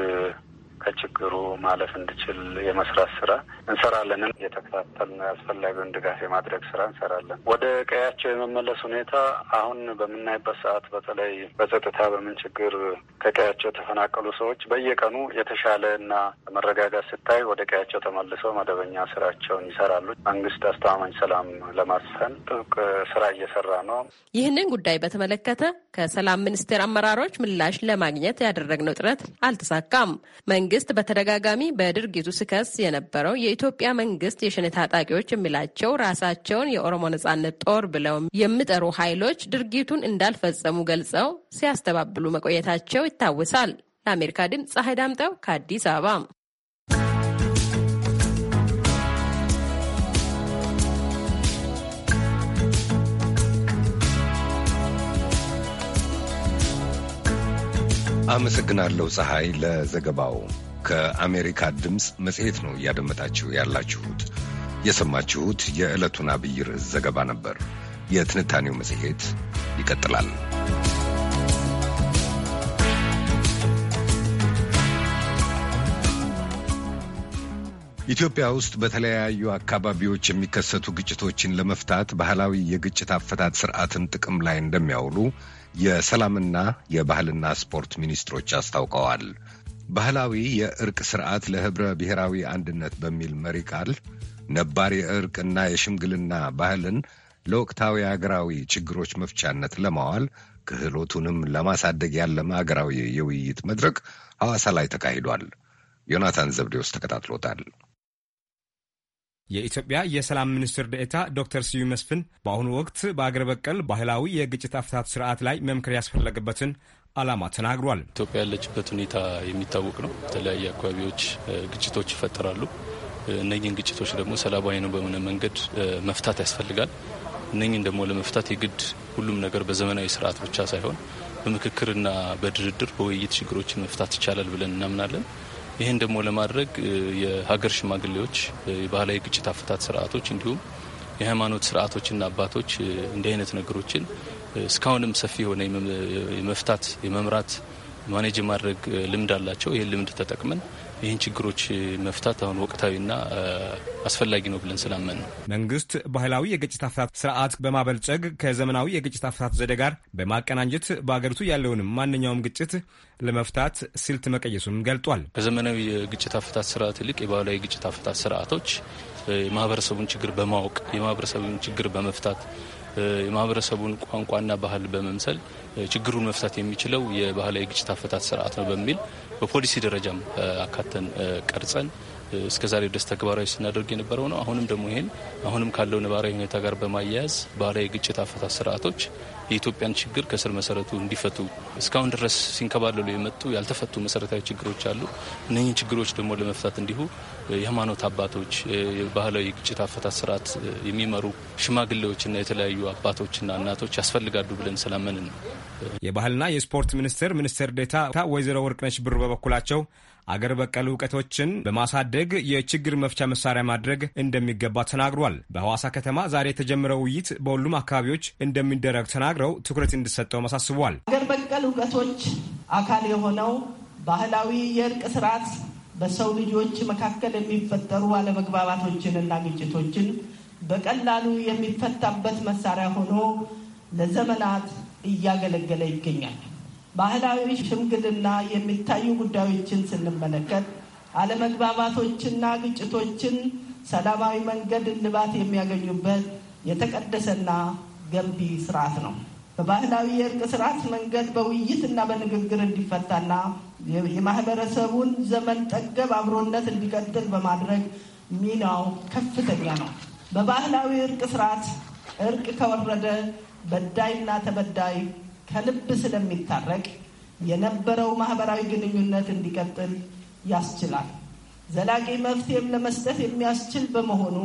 ከችግሩ ማለፍ እንድችል የመስራት ስራ እንሰራለንም የተከታተልን አስፈላጊውን ድጋፍ የማድረግ ስራ እንሰራለን። ወደ ቀያቸው የመመለስ ሁኔታ አሁን በምናይበት ሰዓት በተለይ በጸጥታ በምን ችግር ከቀያቸው የተፈናቀሉ ሰዎች በየቀኑ የተሻለ እና መረጋጋት ስታይ ወደ ቀያቸው ተመልሰው መደበኛ ስራቸውን ይሰራሉ። መንግስት አስተማማኝ ሰላም ለማስፈን ጥብቅ ስራ እየሰራ ነው። ይህንን ጉዳይ በተመለከተ ከሰላም ሚኒስቴር አመራሮች ምላሽ ለማግኘት ያደረግነው ጥረት አልተሳካም። መንግስት በተደጋጋሚ በድርጊቱ ስከስ የነበረው የኢትዮጵያ መንግስት የሸኔ ታጣቂዎች የሚላቸው ራሳቸውን የኦሮሞ ነጻነት ጦር ብለው የሚጠሩ ኃይሎች ድርጊቱን እንዳልፈጸሙ ገልጸው ሲያስተባብሉ መቆየታቸው ይታወሳል። ለአሜሪካ ድምፅ ፀሐይ ዳምጠው ከአዲስ አበባ አመሰግናለሁ ፀሐይ ለዘገባው። ከአሜሪካ ድምፅ መጽሔት ነው እያደመጣችሁ ያላችሁት። የሰማችሁት የዕለቱን አብይ ርዕስ ዘገባ ነበር። የትንታኔው መጽሔት ይቀጥላል። ኢትዮጵያ ውስጥ በተለያዩ አካባቢዎች የሚከሰቱ ግጭቶችን ለመፍታት ባህላዊ የግጭት አፈታት ስርዓትን ጥቅም ላይ እንደሚያውሉ የሰላምና የባህልና ስፖርት ሚኒስትሮች አስታውቀዋል። ባህላዊ የእርቅ ስርዓት ለህብረ ብሔራዊ አንድነት በሚል መሪ ቃል ነባር የእርቅና የሽምግልና ባህልን ለወቅታዊ አገራዊ ችግሮች መፍቻነት ለማዋል ክህሎቱንም ለማሳደግ ያለመ አገራዊ የውይይት መድረክ ሐዋሳ ላይ ተካሂዷል። ዮናታን ዘብዴዎስ ተከታትሎታል። የኢትዮጵያ የሰላም ሚኒስትር ደኤታ ዶክተር ስዩ መስፍን በአሁኑ ወቅት በአገር በቀል ባህላዊ የግጭት አፍታት ስርዓት ላይ መምከር ያስፈለገበትን ዓላማ ተናግሯል። ኢትዮጵያ ያለችበት ሁኔታ የሚታወቅ ነው። የተለያዩ አካባቢዎች ግጭቶች ይፈጠራሉ። እነኝን ግጭቶች ደግሞ ሰላማዊ ነው በሆነ መንገድ መፍታት ያስፈልጋል። እነኝን ደግሞ ለመፍታት የግድ ሁሉም ነገር በዘመናዊ ስርዓት ብቻ ሳይሆን በምክክርና በድርድር በውይይት ችግሮችን መፍታት ይቻላል ብለን እናምናለን። ይህን ደግሞ ለማድረግ የሀገር ሽማግሌዎች፣ የባህላዊ ግጭት አፈታት ስርዓቶች እንዲሁም የሃይማኖት ስርዓቶችና አባቶች እንዲህ አይነት ነገሮችን እስካሁንም ሰፊ የሆነ የመፍታት የመምራት ማኔጅ ማድረግ ልምድ አላቸው። ይህን ልምድ ተጠቅመን ይህን ችግሮች መፍታት አሁን ወቅታዊና አስፈላጊ ነው ብለን ስላመን ነው። መንግስት ባህላዊ የግጭት አፈታት ስርዓት በማበልጸግ ከዘመናዊ የግጭት አፈታት ዘዴ ጋር በማቀናጀት በአገሪቱ ያለውንም ማንኛውም ግጭት ለመፍታት ስልት መቀየሱም ገልጧል። ከዘመናዊ የግጭት አፈታት ስርዓት ይልቅ የባህላዊ የግጭት አፈታት ስርዓቶች የማህበረሰቡን ችግር በማወቅ የማህበረሰቡን ችግር በመፍታት የማህበረሰቡን ቋንቋና ባህል በመምሰል ችግሩን መፍታት የሚችለው የባህላዊ ግጭት አፈታት ስርዓት ነው በሚል በፖሊሲ ደረጃም አካተን ቀርጸን እስከ ዛሬ ድረስ ተግባራዊ ስናደርግ የነበረው ነው። አሁንም ደግሞ ይሄን አሁንም ካለው ነባራዊ ሁኔታ ጋር በማያያዝ ባህላዊ ግጭት አፈታት ስርዓቶች የኢትዮጵያን ችግር ከስር መሰረቱ እንዲፈቱ እስካሁን ድረስ ሲንከባለሉ የመጡ ያልተፈቱ መሰረታዊ ችግሮች አሉ። እነኚህ ችግሮች ደግሞ ለመፍታት እንዲሁ የሃይማኖት አባቶች፣ የባህላዊ የግጭት አፈታት ስርዓት የሚመሩ ሽማግሌዎችና የተለያዩ አባቶችና እናቶች ያስፈልጋሉ ብለን ስላመንን ነው። የባህልና የስፖርት ሚኒስቴር ሚኒስትር ዴኤታ ወይዘሮ ወርቅነሽ ብሩ በበኩላቸው አገር በቀል እውቀቶችን በማሳደግ የችግር መፍቻ መሳሪያ ማድረግ እንደሚገባ ተናግሯል። በሐዋሳ ከተማ ዛሬ የተጀመረው ውይይት በሁሉም አካባቢዎች እንደሚደረግ ተናግረው ትኩረት እንዲሰጠው አሳስቧል። አገር በቀል እውቀቶች አካል የሆነው ባህላዊ የእርቅ ስርዓት በሰው ልጆች መካከል የሚፈጠሩ አለመግባባቶችንና ግጭቶችን በቀላሉ የሚፈታበት መሳሪያ ሆኖ ለዘመናት እያገለገለ ይገኛል። ባህላዊ ሽምግልና የሚታዩ ጉዳዮችን ስንመለከት አለመግባባቶችና ግጭቶችን ሰላማዊ መንገድ እልባት የሚያገኙበት የተቀደሰና ገንቢ ስርዓት ነው። በባህላዊ የእርቅ ስርዓት መንገድ በውይይትና በንግግር እንዲፈታና የማህበረሰቡን ዘመን ጠገብ አብሮነት እንዲቀጥል በማድረግ ሚናው ከፍተኛ ነው። በባህላዊ እርቅ ስርዓት እርቅ ከወረደ በዳይና ተበዳይ ከልብ ስለሚታረቅ የነበረው ማህበራዊ ግንኙነት እንዲቀጥል ያስችላል። ዘላቂ መፍትሄም ለመስጠት የሚያስችል በመሆኑ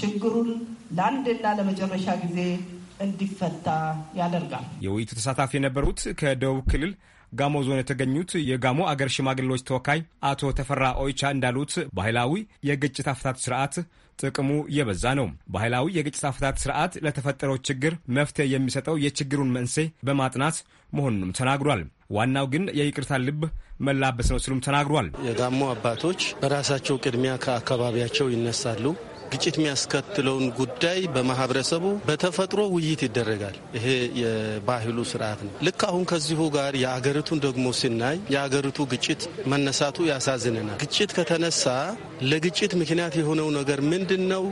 ችግሩን ለአንድና ለመጨረሻ ጊዜ እንዲፈታ ያደርጋል። የውይይቱ ተሳታፊ የነበሩት ከደቡብ ክልል ጋሞ ዞን የተገኙት የጋሞ አገር ሽማግሌዎች ተወካይ አቶ ተፈራ ኦይቻ እንዳሉት ባህላዊ የግጭት አፈታት ስርዓት ጥቅሙ የበዛ ነው። ባህላዊ የግጭት አፈታት ስርዓት ለተፈጠረው ችግር መፍትሄ የሚሰጠው የችግሩን መንስኤ በማጥናት መሆኑንም ተናግሯል። ዋናው ግን የይቅርታ ልብ መላበስ ነው ሲሉም ተናግሯል። የዳሞ አባቶች በራሳቸው ቅድሚያ ከአካባቢያቸው ይነሳሉ። ግጭት የሚያስከትለውን ጉዳይ በማህበረሰቡ በተፈጥሮ ውይይት ይደረጋል። ይሄ የባህሉ ስርዓት ነው። ልክ አሁን ከዚሁ ጋር የአገሪቱን ደግሞ ሲናይ የአገሪቱ ግጭት መነሳቱ ያሳዝነናል። ግጭት ከተነሳ ለግጭት ምክንያት የሆነው ነገር ምንድን ነው?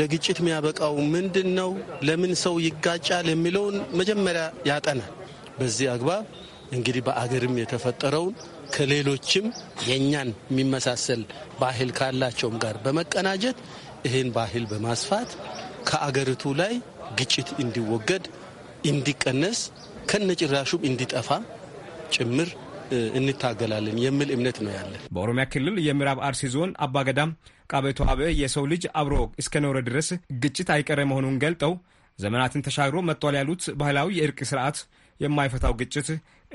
ለግጭት የሚያበቃው ምንድን ነው? ለምን ሰው ይጋጫል? የሚለውን መጀመሪያ ያጠናል። በዚህ አግባብ እንግዲህ በአገርም የተፈጠረውን ከሌሎችም የእኛን የሚመሳሰል ባህል ካላቸውም ጋር በመቀናጀት ይህን ባህል በማስፋት ከአገሪቱ ላይ ግጭት እንዲወገድ፣ እንዲቀነስ፣ ከነጭራሹም እንዲጠፋ ጭምር እንታገላለን የሚል እምነት ነው ያለን። በኦሮሚያ ክልል የምዕራብ አርሲ ዞን አባገዳም ቃቤቱ አበ የሰው ልጅ አብሮ እስከኖረ ድረስ ግጭት አይቀረ መሆኑን ገልጠው ዘመናትን ተሻግሮ መጥቷል ያሉት ባህላዊ የእርቅ ስርዓት የማይፈታው ግጭት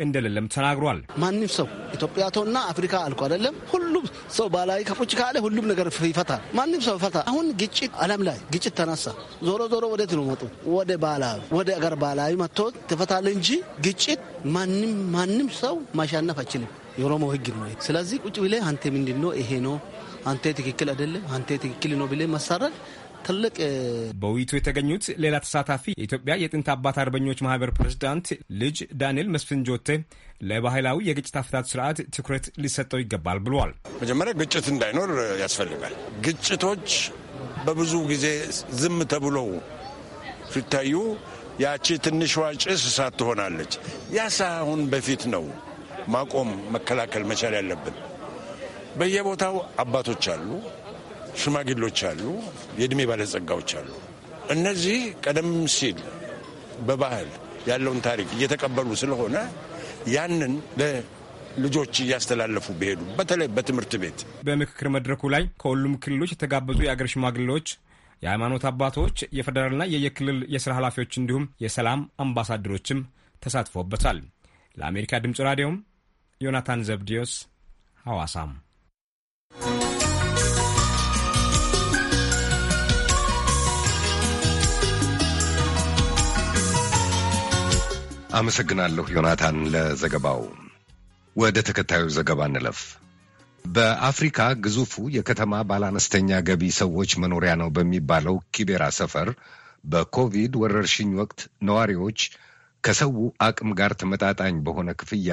እንደሌለም ተናግሯል። ማንም ሰው ኢትዮጵያ ቶና አፍሪካ አልኩ አይደለም። ሁሉም ሰው ባላይ ከቁጭ ካለ ሁሉም ነገር ይፈታል። ማንም ሰው ይፈታ። አሁን ግጭት ዓለም ላይ ግጭት ተነሳ። ዞሮ ዞሮ ወዴት ነው መጡ? ወደ ባህላዊ ወደ አገር ባህላዊ መጥቶ ትፈታል እንጂ ግጭት ማንም ማንም ሰው ማሸነፍ አይችልም። የኦሮሞ ህግ ነው። ስለዚህ ቁጭ ብለህ አንተ ምንድን ነው ይሄ ነው አንተ ትክክል አይደለም አንተ ትክክል ነው ብለህ መሳረቅ ትልቅ በውይይቱ የተገኙት ሌላ ተሳታፊ የኢትዮጵያ የጥንት አባት አርበኞች ማህበር ፕሬዚዳንት ልጅ ዳንኤል መስፍን ጆቴ ለባህላዊ የግጭት አፈታት ስርዓት ትኩረት ሊሰጠው ይገባል ብሏል። መጀመሪያ ግጭት እንዳይኖር ያስፈልጋል። ግጭቶች በብዙ ጊዜ ዝም ተብለው ሲታዩ ያቺ ትንሿ ጭስ እሳት ትሆናለች። ያ ሳይሆን በፊት ነው ማቆም መከላከል መቻል ያለብን። በየቦታው አባቶች አሉ ሽማግሌዎች አሉ፣ የእድሜ ባለጸጋዎች አሉ። እነዚህ ቀደም ሲል በባህል ያለውን ታሪክ እየተቀበሉ ስለሆነ ያንን ልጆች እያስተላለፉ ቢሄዱ በተለይ በትምህርት ቤት በምክክር መድረኩ ላይ ከሁሉም ክልሎች የተጋበዙ የአገር ሽማግሌዎች፣ የሃይማኖት አባቶች፣ የፌዴራልና የየክልል የስራ ኃላፊዎች እንዲሁም የሰላም አምባሳደሮችም ተሳትፎበታል። ለአሜሪካ ድምፅ ራዲዮም ዮናታን ዘብዲዮስ ሐዋሳም አመሰግናለሁ ዮናታን ለዘገባው። ወደ ተከታዩ ዘገባ እንለፍ። በአፍሪካ ግዙፉ የከተማ ባለአነስተኛ ገቢ ሰዎች መኖሪያ ነው በሚባለው ኪቤራ ሰፈር በኮቪድ ወረርሽኝ ወቅት ነዋሪዎች ከሰው አቅም ጋር ተመጣጣኝ በሆነ ክፍያ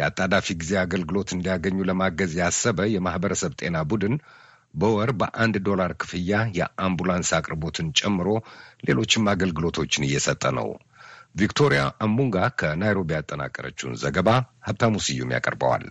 የአጣዳፊ ጊዜ አገልግሎት እንዲያገኙ ለማገዝ ያሰበ የማህበረሰብ ጤና ቡድን በወር በአንድ ዶላር ክፍያ የአምቡላንስ አቅርቦትን ጨምሮ ሌሎችም አገልግሎቶችን እየሰጠ ነው። ቪክቶሪያ አምቡንጋ ከናይሮቢ ያጠናቀረችውን ዘገባ ሀብታሙ ስዩም ያቀርበዋል።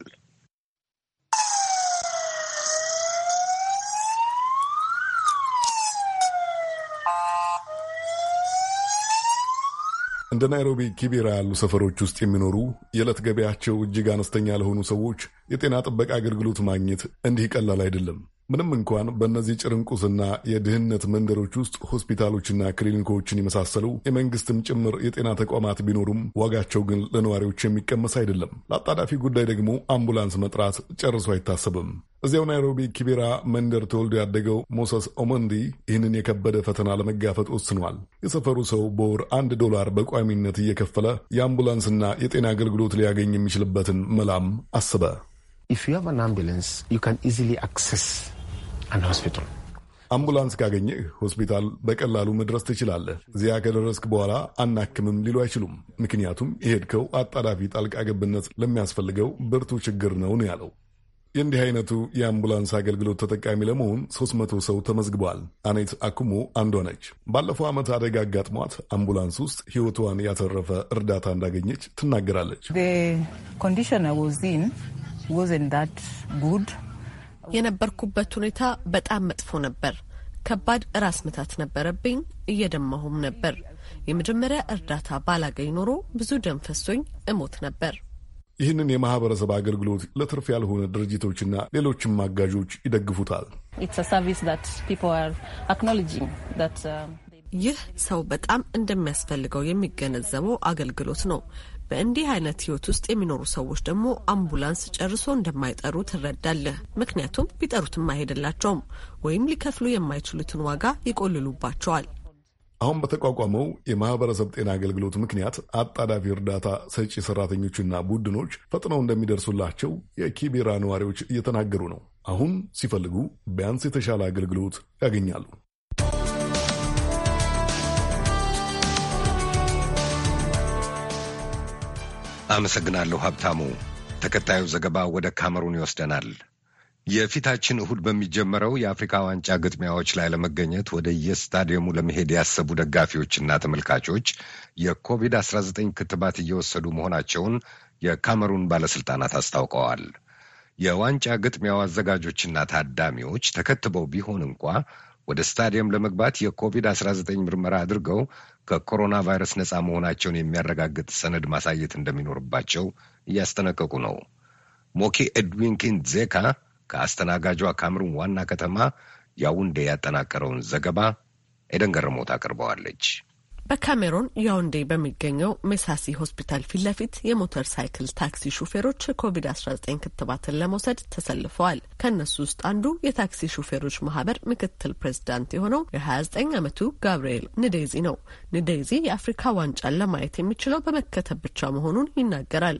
እንደ ናይሮቢ ኪቤራ ያሉ ሰፈሮች ውስጥ የሚኖሩ የዕለት ገበያቸው እጅግ አነስተኛ ለሆኑ ሰዎች የጤና ጥበቃ አገልግሎት ማግኘት እንዲህ ቀላል አይደለም። ምንም እንኳን በእነዚህ ጭርንቁስና የድህነት መንደሮች ውስጥ ሆስፒታሎችና ክሊኒኮችን የመሳሰሉ የመንግስትም ጭምር የጤና ተቋማት ቢኖሩም ዋጋቸው ግን ለነዋሪዎች የሚቀመስ አይደለም። ለአጣዳፊ ጉዳይ ደግሞ አምቡላንስ መጥራት ጨርሶ አይታሰብም። እዚያው ናይሮቢ ኪቤራ መንደር ተወልዶ ያደገው ሞሰስ ኦመንዲ ይህንን የከበደ ፈተና ለመጋፈጥ ወስኗል። የሰፈሩ ሰው በወር አንድ ዶላር በቋሚነት እየከፈለ የአምቡላንስና የጤና አገልግሎት ሊያገኝ የሚችልበትን መላም አስበ አንድ ሆስፒታል አምቡላንስ ካገኘህ ሆስፒታል በቀላሉ መድረስ ትችላለህ። እዚያ ከደረስክ በኋላ አናክምም ሊሉ አይችሉም። ምክንያቱም የሄድከው አጣዳፊ ጣልቃ ገብነት ለሚያስፈልገው ብርቱ ችግር ነው ነው ያለው። የእንዲህ አይነቱ የአምቡላንስ አገልግሎት ተጠቃሚ ለመሆን 300 ሰው ተመዝግቧል። አኔት አኩሞ አንዷ ነች። ባለፈው ዓመት አደጋ አጋጥሟት አምቡላንስ ውስጥ ሕይወቷን ያተረፈ እርዳታ እንዳገኘች ትናገራለች። ኮንዲሽን ጉድ የነበርኩበት ሁኔታ በጣም መጥፎ ነበር። ከባድ ራስ ምታት ነበረብኝ፣ እየደማሁም ነበር። የመጀመሪያ እርዳታ ባላገኝ ኖሮ ብዙ ደም ፈሶኝ እሞት ነበር። ይህንን የማህበረሰብ አገልግሎት ለትርፍ ያልሆነ ድርጅቶችና ሌሎችም አጋዦች ይደግፉታል። uh, ይህ ሰው በጣም እንደሚያስፈልገው የሚገነዘበው አገልግሎት ነው። በእንዲህ አይነት ህይወት ውስጥ የሚኖሩ ሰዎች ደግሞ አምቡላንስ ጨርሶ እንደማይጠሩ ትረዳለህ። ምክንያቱም ቢጠሩትም አይሄድላቸውም ወይም ሊከፍሉ የማይችሉትን ዋጋ ይቆልሉባቸዋል። አሁን በተቋቋመው የማህበረሰብ ጤና አገልግሎት ምክንያት አጣዳፊ እርዳታ ሰጪ ሰራተኞችና ቡድኖች ፈጥነው እንደሚደርሱላቸው የኪቤራ ነዋሪዎች እየተናገሩ ነው። አሁን ሲፈልጉ ቢያንስ የተሻለ አገልግሎት ያገኛሉ። አመሰግናለሁ ሀብታሙ። ተከታዩ ዘገባ ወደ ካሜሩን ይወስደናል። የፊታችን እሁድ በሚጀመረው የአፍሪካ ዋንጫ ግጥሚያዎች ላይ ለመገኘት ወደ የስታዲየሙ ለመሄድ ያሰቡ ደጋፊዎችና ተመልካቾች የኮቪድ-19 ክትባት እየወሰዱ መሆናቸውን የካሜሩን ባለስልጣናት አስታውቀዋል። የዋንጫ ግጥሚያው አዘጋጆችና ታዳሚዎች ተከትበው ቢሆን እንኳ ወደ ስታዲየም ለመግባት የኮቪድ-19 ምርመራ አድርገው ከኮሮና ቫይረስ ነፃ መሆናቸውን የሚያረጋግጥ ሰነድ ማሳየት እንደሚኖርባቸው እያስጠነቀቁ ነው። ሞኪ ኤድዊን ኪንዜካ ከአስተናጋጇ ካምሩን ዋና ከተማ ያውንዴ ያጠናቀረውን ዘገባ ኤደን ገረሞት አቅርበዋለች። በካሜሮን ያውንዴ በሚገኘው ሜሳሲ ሆስፒታል ፊት ለፊት የሞተር ሳይክል ታክሲ ሹፌሮች ኮቪድ 19 ክትባትን ለመውሰድ ተሰልፈዋል። ከእነሱ ውስጥ አንዱ የታክሲ ሹፌሮች ማህበር ምክትል ፕሬዚዳንት የሆነው የ29 ዓመቱ ጋብርኤል ንዴዚ ነው። ንዴዚ የአፍሪካ ዋንጫን ለማየት የሚችለው በመከተብ ብቻ መሆኑን ይናገራል።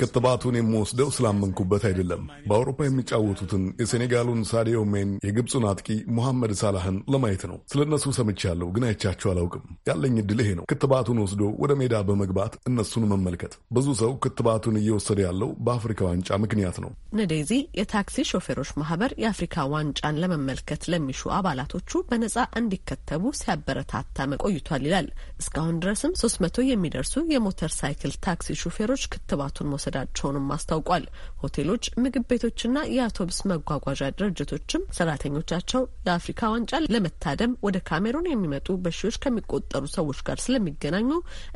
ክትባቱን የምወስደው ስላመንኩበት አይደለም። በአውሮፓ የሚጫወቱትን የሴኔጋሉን ሳዲዮ ሜን የግብፁን አጥቂ ሙሐመድ ሳላህን ለማየት ነው። ስለ እነሱ ሰምቻለሁ፣ ግን አይቻችሁ አላውቅም። ያለኝ እድል ይሄ ነው፣ ክትባቱን ወስዶ ወደ ሜዳ በመግባት እነሱን መመልከት። ብዙ ሰው ክትባቱን እየወሰደ ያለው በአፍሪካ ዋንጫ ምክንያት ነው። ነዴዚ የታክሲ ሾፌሮች ማህበር የአፍሪካ ዋንጫን ለመመልከት ለሚሹ አባላቶቹ በነጻ እንዲከተቡ ሲያበረታታ መቆይቷል ይላል። እስካሁን ድረስም ሶስት መቶ የሚደርሱ የሞተር ሳይክል ታክሲ ሾፌሮች ክትባቱን መውሰዳቸውንም አስታውቋል። ሆቴሎች፣ ምግብ ቤቶችና የአውቶብስ መጓጓዣ ድርጅቶችም ስራ ሰራተኞቻቸው የአፍሪካ ዋንጫ ለመታደም ወደ ካሜሩን የሚመጡ በሺዎች ከሚቆጠሩ ሰዎች ጋር ስለሚገናኙ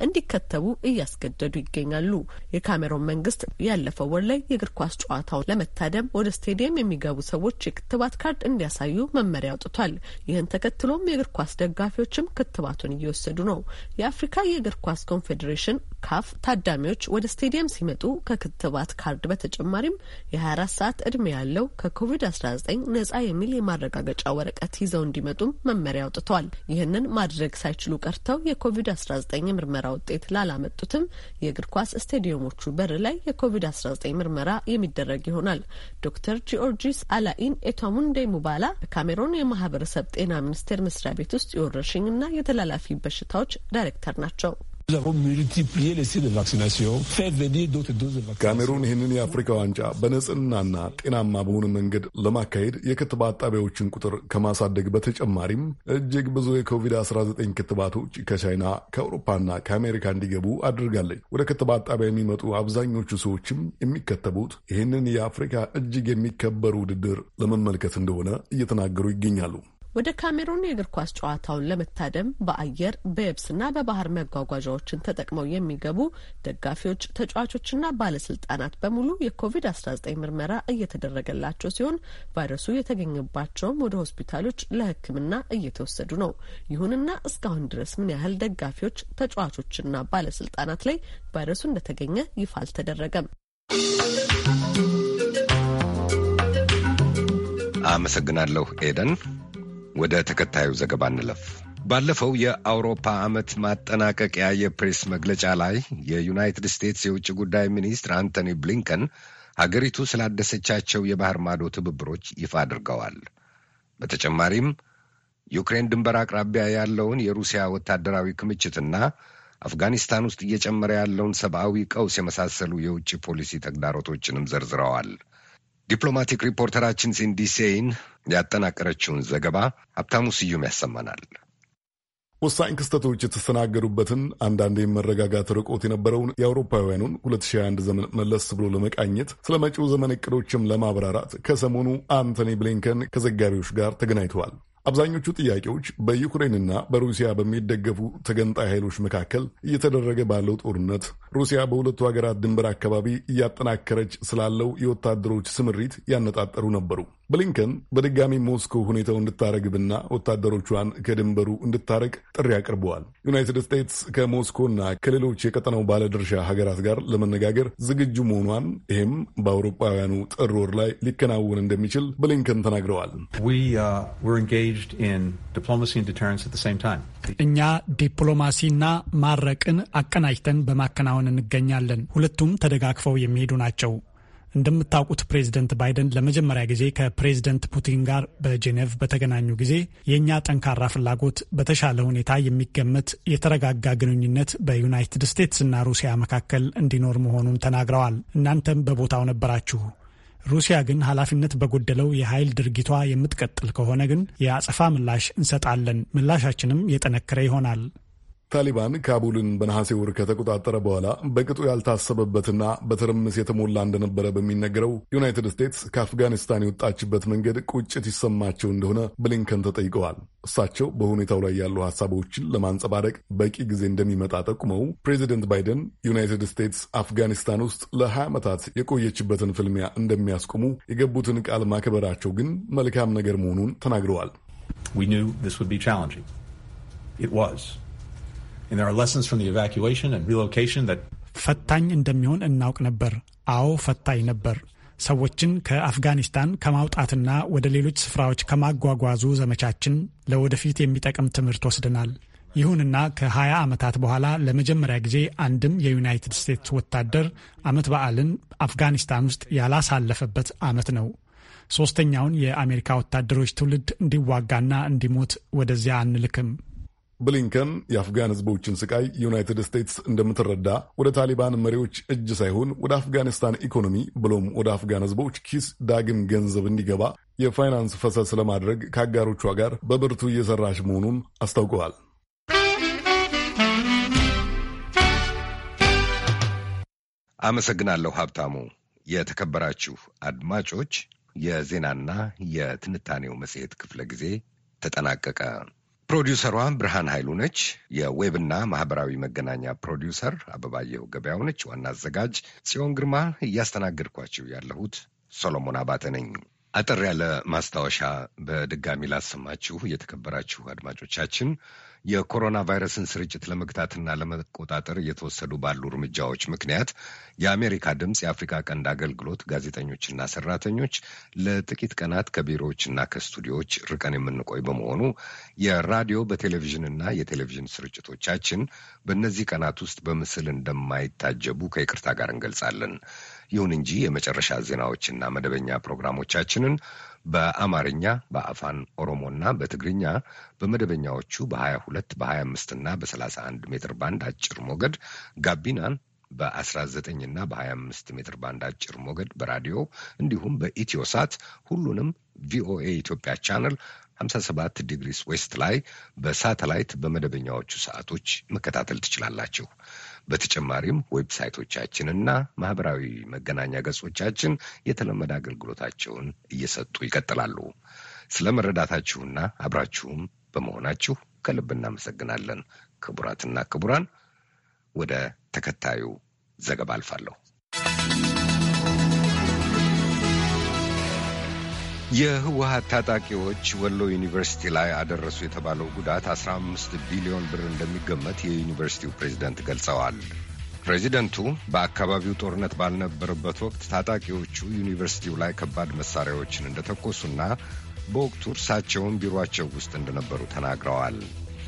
እንዲከተቡ እያስገደዱ ይገኛሉ። የካሜሩን መንግስት ያለፈው ወር ላይ የእግር ኳስ ጨዋታውን ለመታደም ወደ ስቴዲየም የሚገቡ ሰዎች የክትባት ካርድ እንዲያሳዩ መመሪያ አውጥቷል። ይህን ተከትሎም የእግር ኳስ ደጋፊዎችም ክትባቱን እየወሰዱ ነው። የአፍሪካ የእግር ኳስ ኮንፌዴሬሽን ካፍ ታዳሚዎች ወደ ስቴዲየም ሲመጡ ከክትባት ካርድ በተጨማሪም የ24 ሰዓት ዕድሜ ያለው ከኮቪድ-19 ነጻ የሚል የማረጋገጫ ወረቀት ይዘው እንዲመጡም መመሪያ አውጥቷል። ይህንን ማድረግ ሳይችሉ ቀርተው የኮቪድ-19 የምርመራ ውጤት ላላመጡትም የእግር ኳስ ስቴዲየሞቹ በር ላይ የኮቪድ-19 ምርመራ የሚደረግ ይሆናል። ዶክተር ጂኦርጂስ አላኢን ኤቶሙንዴ ሙባላ በካሜሮን የማህበረሰብ ጤና ሚኒስቴር መስሪያ ቤት ውስጥ የወረርሽኝና የተላላፊ በሽታዎች ዳይሬክተር ናቸው። ካሜሩን ይህንን የአፍሪካ ዋንጫ በንጽህናና ጤናማ በሆነ መንገድ ለማካሄድ የክትባት ጣቢያዎችን ቁጥር ከማሳደግ በተጨማሪም እጅግ ብዙ የኮቪድ-19 ክትባቶች ከቻይና ከአውሮፓና ከአሜሪካ እንዲገቡ አድርጋለች። ወደ ክትባት ጣቢያ የሚመጡ አብዛኞቹ ሰዎችም የሚከተቡት ይህንን የአፍሪካ እጅግ የሚከበር ውድድር ለመመልከት እንደሆነ እየተናገሩ ይገኛሉ። ወደ ካሜሩን የእግር ኳስ ጨዋታውን ለመታደም በአየር በየብስና በባህር መጓጓዣዎችን ተጠቅመው የሚገቡ ደጋፊዎች፣ ተጫዋቾችና ባለስልጣናት በሙሉ የኮቪድ-19 ምርመራ እየተደረገላቸው ሲሆን ቫይረሱ የተገኘባቸውም ወደ ሆስፒታሎች ለሕክምና እየተወሰዱ ነው። ይሁንና እስካሁን ድረስ ምን ያህል ደጋፊዎች፣ ተጫዋቾችና ባለስልጣናት ላይ ቫይረሱ እንደተገኘ ይፋ አልተደረገም። አመሰግናለሁ ኤደን። ወደ ተከታዩ ዘገባ እንለፍ። ባለፈው የአውሮፓ ዓመት ማጠናቀቂያ የፕሬስ መግለጫ ላይ የዩናይትድ ስቴትስ የውጭ ጉዳይ ሚኒስትር አንቶኒ ብሊንከን ሀገሪቱ ስላደሰቻቸው የባህር ማዶ ትብብሮች ይፋ አድርገዋል። በተጨማሪም ዩክሬን ድንበር አቅራቢያ ያለውን የሩሲያ ወታደራዊ ክምችትና አፍጋኒስታን ውስጥ እየጨመረ ያለውን ሰብአዊ ቀውስ የመሳሰሉ የውጭ ፖሊሲ ተግዳሮቶችንም ዘርዝረዋል። ዲፕሎማቲክ ሪፖርተራችን ሲንዲሴይን ያጠናቀረችውን ዘገባ ሀብታሙ ስዩም ያሰማናል። ወሳኝ ክስተቶች የተስተናገዱበትን አንዳንዴ መረጋጋት ርቆት የነበረውን የአውሮፓውያኑን 2021 ዘመን መለስ ብሎ ለመቃኘት ስለ መጪው ዘመን እቅዶችም ለማብራራት ከሰሞኑ አንቶኒ ብሊንከን ከዘጋቢዎች ጋር ተገናኝተዋል። አብዛኞቹ ጥያቄዎች በዩክሬንና በሩሲያ በሚደገፉ ተገንጣይ ኃይሎች መካከል እየተደረገ ባለው ጦርነት፣ ሩሲያ በሁለቱ ሀገራት ድንበር አካባቢ እያጠናከረች ስላለው የወታደሮች ስምሪት ያነጣጠሩ ነበሩ። ብሊንከን በድጋሚ ሞስኮ ሁኔታው እንድታረግብና ወታደሮቿን ከድንበሩ እንድታረቅ ጥሪ አቅርበዋል። ዩናይትድ ስቴትስ ከሞስኮና ከሌሎች የቀጠናው ባለድርሻ ሀገራት ጋር ለመነጋገር ዝግጁ መሆኗን ይህም በአውሮፓውያኑ ጥር ወር ላይ ሊከናወን እንደሚችል ብሊንከን ተናግረዋል። uh, እኛ ዲፕሎማሲና ማረቅን አቀናጅተን በማከናወን እንገኛለን። ሁለቱም ተደጋግፈው የሚሄዱ ናቸው። እንደምታውቁት ፕሬዝደንት ባይደን ለመጀመሪያ ጊዜ ከፕሬዝደንት ፑቲን ጋር በጄኔቭ በተገናኙ ጊዜ የእኛ ጠንካራ ፍላጎት በተሻለ ሁኔታ የሚገመት የተረጋጋ ግንኙነት በዩናይትድ እና ሩሲያ መካከል እንዲኖር መሆኑን ተናግረዋል። እናንተም በቦታው ነበራችሁ። ሩሲያ ግን ኃላፊነት በጎደለው የኃይል ድርጊቷ የምትቀጥል ከሆነ ግን የአጸፋ ምላሽ እንሰጣለን። ምላሻችንም የጠነከረ ይሆናል። ታሊባን ካቡልን በነሐሴ ወር ከተቆጣጠረ በኋላ በቅጡ ያልታሰበበትና በትርምስ የተሞላ እንደነበረ በሚነገረው ዩናይትድ ስቴትስ ከአፍጋኒስታን የወጣችበት መንገድ ቁጭት ይሰማቸው እንደሆነ ብሊንከን ተጠይቀዋል። እሳቸው በሁኔታው ላይ ያሉ ሀሳቦችን ለማንጸባረቅ በቂ ጊዜ እንደሚመጣ ጠቁመው ፕሬዚደንት ባይደን ዩናይትድ ስቴትስ አፍጋኒስታን ውስጥ ለ20 ዓመታት የቆየችበትን ፍልሚያ እንደሚያስቆሙ የገቡትን ቃል ማክበራቸው ግን መልካም ነገር መሆኑን ተናግረዋል። We knew this would be challenging. It was. ፈታኝ እንደሚሆን እናውቅ ነበር። አዎ ፈታኝ ነበር። ሰዎችን ከአፍጋኒስታን ከማውጣትና ወደ ሌሎች ስፍራዎች ከማጓጓዙ ዘመቻችን ለወደፊት የሚጠቅም ትምህርት ወስደናል። ይሁንና ከ20 ዓመታት በኋላ ለመጀመሪያ ጊዜ አንድም የዩናይትድ ስቴትስ ወታደር ዓመት በዓልን አፍጋኒስታን ውስጥ ያላሳለፈበት ዓመት ነው። ሦስተኛውን የአሜሪካ ወታደሮች ትውልድ እንዲዋጋና እንዲሞት ወደዚያ አንልክም። ብሊንከን የአፍጋን ህዝቦችን ስቃይ ዩናይትድ ስቴትስ እንደምትረዳ ወደ ታሊባን መሪዎች እጅ ሳይሆን ወደ አፍጋኒስታን ኢኮኖሚ ብሎም ወደ አፍጋን ህዝቦች ኪስ ዳግም ገንዘብ እንዲገባ የፋይናንስ ፈሰስ ለማድረግ ከአጋሮቿ ጋር በብርቱ እየሰራች መሆኑን አስታውቀዋል። አመሰግናለሁ ሀብታሙ። የተከበራችሁ አድማጮች የዜናና የትንታኔው መጽሔት ክፍለ ጊዜ ተጠናቀቀ። ፕሮዲውሰሯ ብርሃን ኃይሉ ነች። የዌብና ማህበራዊ መገናኛ ፕሮዲውሰር አበባየው ገበያው ነች። ዋና አዘጋጅ ጽዮን ግርማ። እያስተናገድኳችሁ ያለሁት ሶሎሞን አባተ ነኝ። አጠር ያለ ማስታወሻ በድጋሚ ላሰማችሁ የተከበራችሁ አድማጮቻችን የኮሮና ቫይረስን ስርጭት ለመግታትና ለመቆጣጠር እየተወሰዱ ባሉ እርምጃዎች ምክንያት የአሜሪካ ድምፅ የአፍሪካ ቀንድ አገልግሎት ጋዜጠኞችና ሰራተኞች ለጥቂት ቀናት ከቢሮዎችና ከስቱዲዮዎች ርቀን የምንቆይ በመሆኑ የራዲዮ በቴሌቪዥንና የቴሌቪዥን ስርጭቶቻችን በእነዚህ ቀናት ውስጥ በምስል እንደማይታጀቡ ከይቅርታ ጋር እንገልጻለን። ይሁን እንጂ የመጨረሻ ዜናዎችና መደበኛ ፕሮግራሞቻችንን በአማርኛ በአፋን ኦሮሞና በትግርኛ በመደበኛዎቹ በ22 በ25ና በ31 ሜትር ባንድ አጭር ሞገድ ጋቢናን በ19ና በ25 ሜትር ባንድ አጭር ሞገድ በራዲዮ እንዲሁም በኢትዮ ሳት ሁሉንም ቪኦኤ ኢትዮጵያ ቻነል 57 ዲግሪስ ዌስት ላይ በሳተላይት በመደበኛዎቹ ሰዓቶች መከታተል ትችላላችሁ። በተጨማሪም ዌብሳይቶቻችንና ማህበራዊ መገናኛ ገጾቻችን የተለመደ አገልግሎታቸውን እየሰጡ ይቀጥላሉ። ስለ መረዳታችሁና አብራችሁም በመሆናችሁ ከልብ እናመሰግናለን። ክቡራትና ክቡራን፣ ወደ ተከታዩ ዘገባ አልፋለሁ። የህወሀት ታጣቂዎች ወሎ ዩኒቨርሲቲ ላይ አደረሱ የተባለው ጉዳት 15 ቢሊዮን ብር እንደሚገመት የዩኒቨርሲቲው ፕሬዚደንት ገልጸዋል። ፕሬዚደንቱ በአካባቢው ጦርነት ባልነበረበት ወቅት ታጣቂዎቹ ዩኒቨርሲቲው ላይ ከባድ መሳሪያዎችን እንደተኮሱና በወቅቱ እርሳቸውን ቢሮአቸው ውስጥ እንደነበሩ ተናግረዋል።